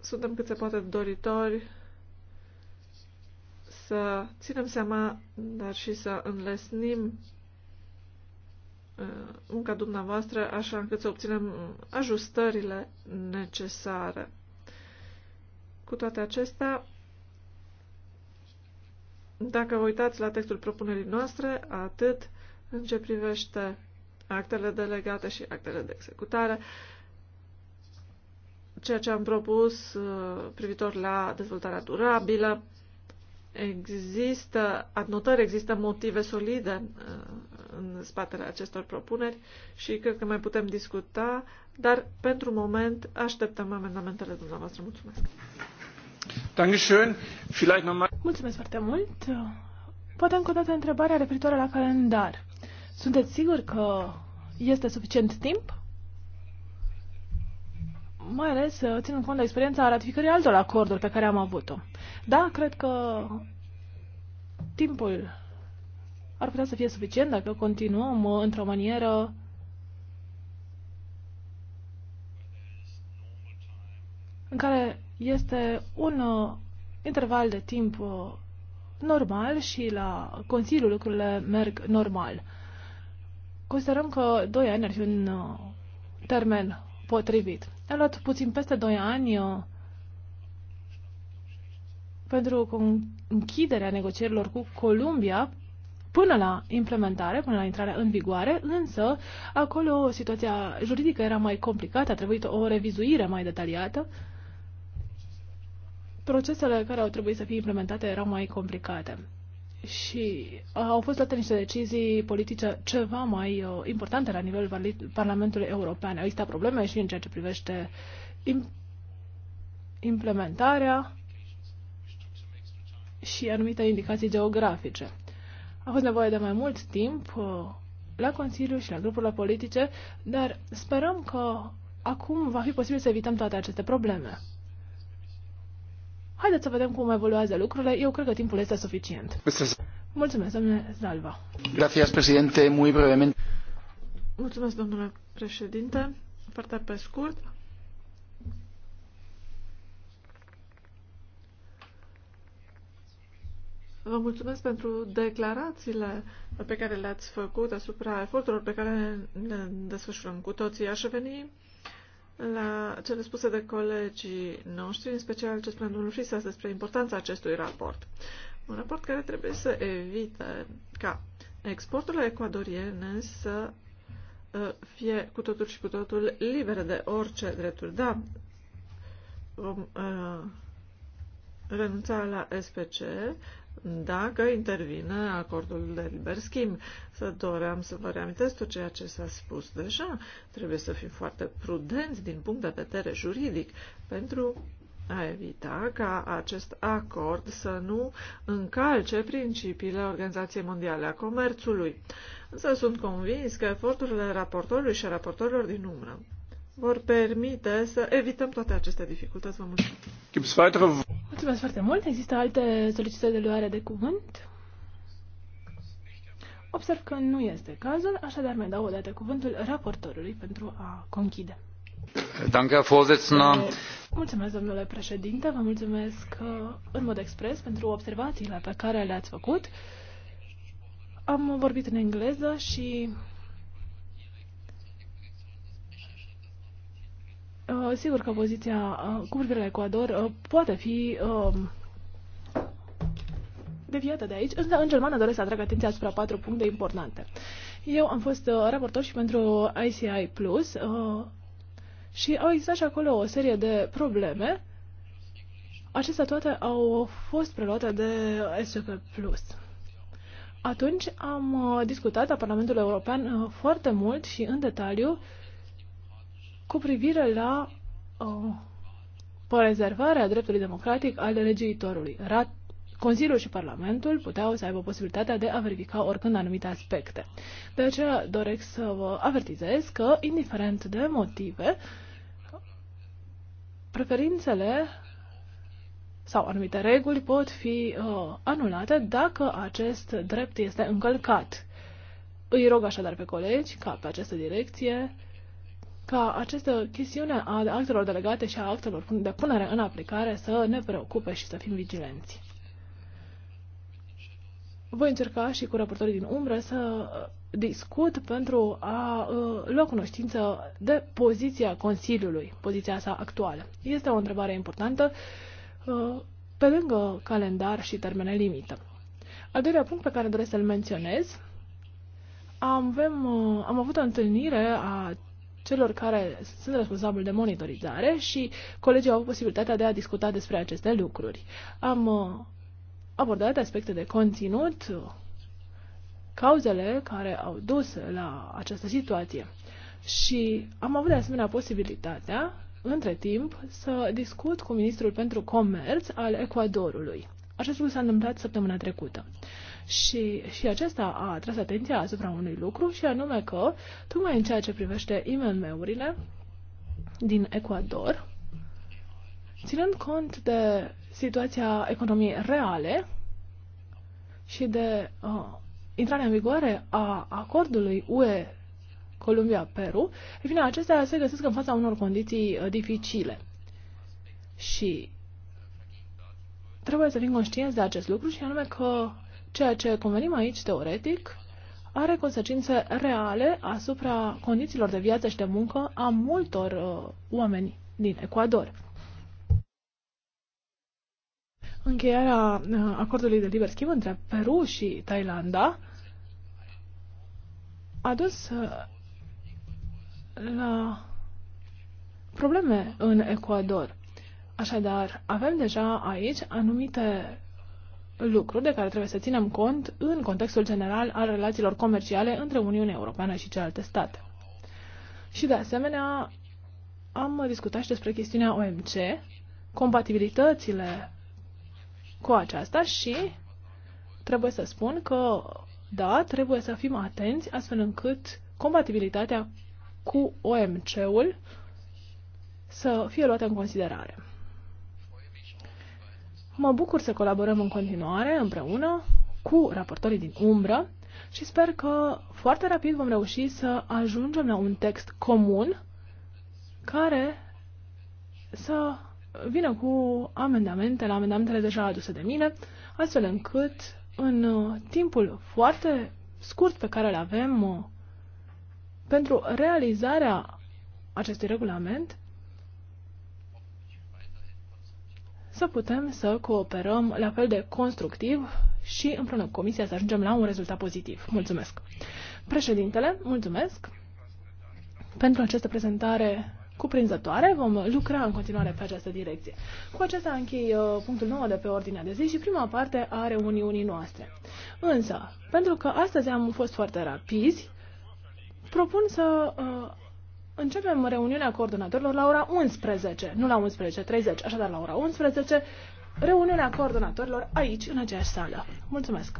suntem cât se poate doritori să ținem seama, dar și să înlesnim Uh, munca dumneavoastră așa încât să obținem ajustările necesare. Cu toate acestea, dacă vă uitați la textul propunerii noastre, atât în ce privește actele delegate și actele de executare, ceea ce am propus uh, privitor la dezvoltarea durabilă, există adnotări, există motive solide uh, în spatele acestor propuneri și cred că mai putem discuta, dar pentru moment așteptăm amendamentele dumneavoastră. Mulțumesc! Mulțumesc foarte mult! Poate încă o dată întrebarea referitoare la calendar. Sunteți siguri că este suficient timp? Mai ales uh, ținând cont de experiența ratificării altor acorduri pe care am avut-o. Da, cred că timpul ar putea să fie suficient dacă continuăm uh, într-o manieră în care este un uh, interval de timp uh, normal și la Consiliu lucrurile merg normal. Considerăm că 2 ani ar fi un termen potrivit. A luat puțin peste 2 ani pentru închiderea negocierilor cu Columbia până la implementare, până la intrarea în vigoare, însă acolo situația juridică era mai complicată, a trebuit o revizuire mai detaliată. Procesele care au trebuit să fie implementate erau mai complicate și uh, au fost luate niște decizii politice ceva mai uh, importante la nivelul Parlamentului European. Au existat probleme și în ceea ce privește implementarea și anumite indicații geografice. A fost nevoie de mai mult timp uh, la Consiliu și la grupurile politice, dar sperăm că acum va fi posibil să evităm toate aceste probleme. Haideți să vedem cum evoluează lucrurile. Eu cred că timpul este suficient. Mulțumesc, domnule Zalva. Gracias, președinte. Muy brevemente. Mulțumesc, domnule președinte. Foarte pe scurt. Vă mulțumesc pentru declarațiile pe care le-ați făcut asupra eforturilor pe care ne desfășurăm cu toții. Aș veni la cele spuse de colegii noștri, în special ce spunea domnul Fisa despre importanța acestui raport. Un raport care trebuie să evite ca exporturile ecuadoriene să uh, fie cu totul și cu totul libere de orice drepturi. Da, vom uh, renunța la SPC, dacă intervine acordul de liber schimb. Să doream să vă reamintesc tot ceea ce s-a spus deja. Trebuie să fim foarte prudenți din punct de vedere juridic pentru a evita ca acest acord să nu încalce principiile Organizației Mondiale a Comerțului. Însă sunt convins că eforturile raportorului și raportorilor din umbră vor permite să evităm toate aceste dificultăți. Vă mulțumesc. Mulțumesc foarte mult. Există alte solicitări de luare de cuvânt? Observ că nu este cazul, așadar mai dau o dată cuvântul raportorului pentru a conchide. Mulțumesc, domnule președinte, vă mulțumesc uh, în mod expres pentru observațiile pe care le-ați făcut. Am vorbit în engleză și Uh, sigur că poziția uh, cu privire la Ecuador uh, poate fi um, deviată de aici, însă în germană doresc să atrag atenția asupra patru puncte importante. Eu am fost raportor și pentru ICI Plus și au existat și acolo o serie de probleme. Acestea toate au fost preluate de SCP Plus. Atunci am discutat la Parlamentul European foarte mult și în detaliu cu privire la uh, rezervarea dreptului democratic al legiuitorului. Rat Consiliul și Parlamentul puteau să aibă posibilitatea de a verifica oricând anumite aspecte. De aceea doresc să vă avertizez că, indiferent de motive, preferințele sau anumite reguli pot fi uh, anulate dacă acest drept este încălcat. Îi rog așadar pe colegi ca pe această direcție ca această chestiune a actelor delegate și a actelor de punere în aplicare să ne preocupe și să fim vigilenți. Voi încerca și cu raportorii din umbră să uh, discut pentru a uh, lua cunoștință de poziția Consiliului, poziția sa actuală. Este o întrebare importantă uh, pe lângă calendar și termene limită. Al doilea punct pe care doresc să-l menționez, am, avem, am avut o întâlnire a celor care sunt responsabili de monitorizare și colegii au avut posibilitatea de a discuta despre aceste lucruri. Am uh, abordat aspecte de conținut, uh, cauzele care au dus la această situație. Și am avut de asemenea posibilitatea, între timp, să discut cu ministrul pentru comerț al Ecuadorului. Acest lucru s-a întâmplat săptămâna trecută. Și, și acesta a atras atenția asupra unui lucru și anume că, tocmai în ceea ce privește IMM-urile din Ecuador, ținând cont de situația economiei reale și de uh, intrarea în vigoare a acordului UE Columbia-Peru, e bine, acestea se găsesc în fața unor condiții uh, dificile. Și trebuie să fim conștienți de acest lucru și anume că Ceea ce convenim aici teoretic are consecințe reale asupra condițiilor de viață și de muncă a multor uh, oameni din Ecuador. Încheierea uh, acordului de liber schimb între Peru și Thailanda a dus uh, la probleme în Ecuador. Așadar, avem deja aici anumite lucru de care trebuie să ținem cont în contextul general al relațiilor comerciale între Uniunea Europeană și celelalte state. Și de asemenea, am discutat și despre chestiunea OMC, compatibilitățile cu aceasta și trebuie să spun că, da, trebuie să fim atenți astfel încât compatibilitatea cu OMC-ul să fie luată în considerare. Mă bucur să colaborăm în continuare împreună cu raportorii din umbră și sper că foarte rapid vom reuși să ajungem la un text comun care să vină cu amendamente la amendamentele deja aduse de mine, astfel încât în uh, timpul foarte scurt pe care îl avem uh, pentru realizarea acestui regulament să putem să cooperăm la fel de constructiv și împreună cu Comisia să ajungem la un rezultat pozitiv. Mulțumesc! Președintele, mulțumesc pentru această prezentare cuprinzătoare. Vom lucra în continuare pe această direcție. Cu acesta închei uh, punctul 9 de pe ordinea de zi și prima parte a reuniunii noastre. Însă, pentru că astăzi am fost foarte rapizi, propun să uh, începem reuniunea coordonatorilor la ora 11, nu la 11.30, așadar la ora 11, reuniunea coordonatorilor aici, în aceeași sală. Mulțumesc!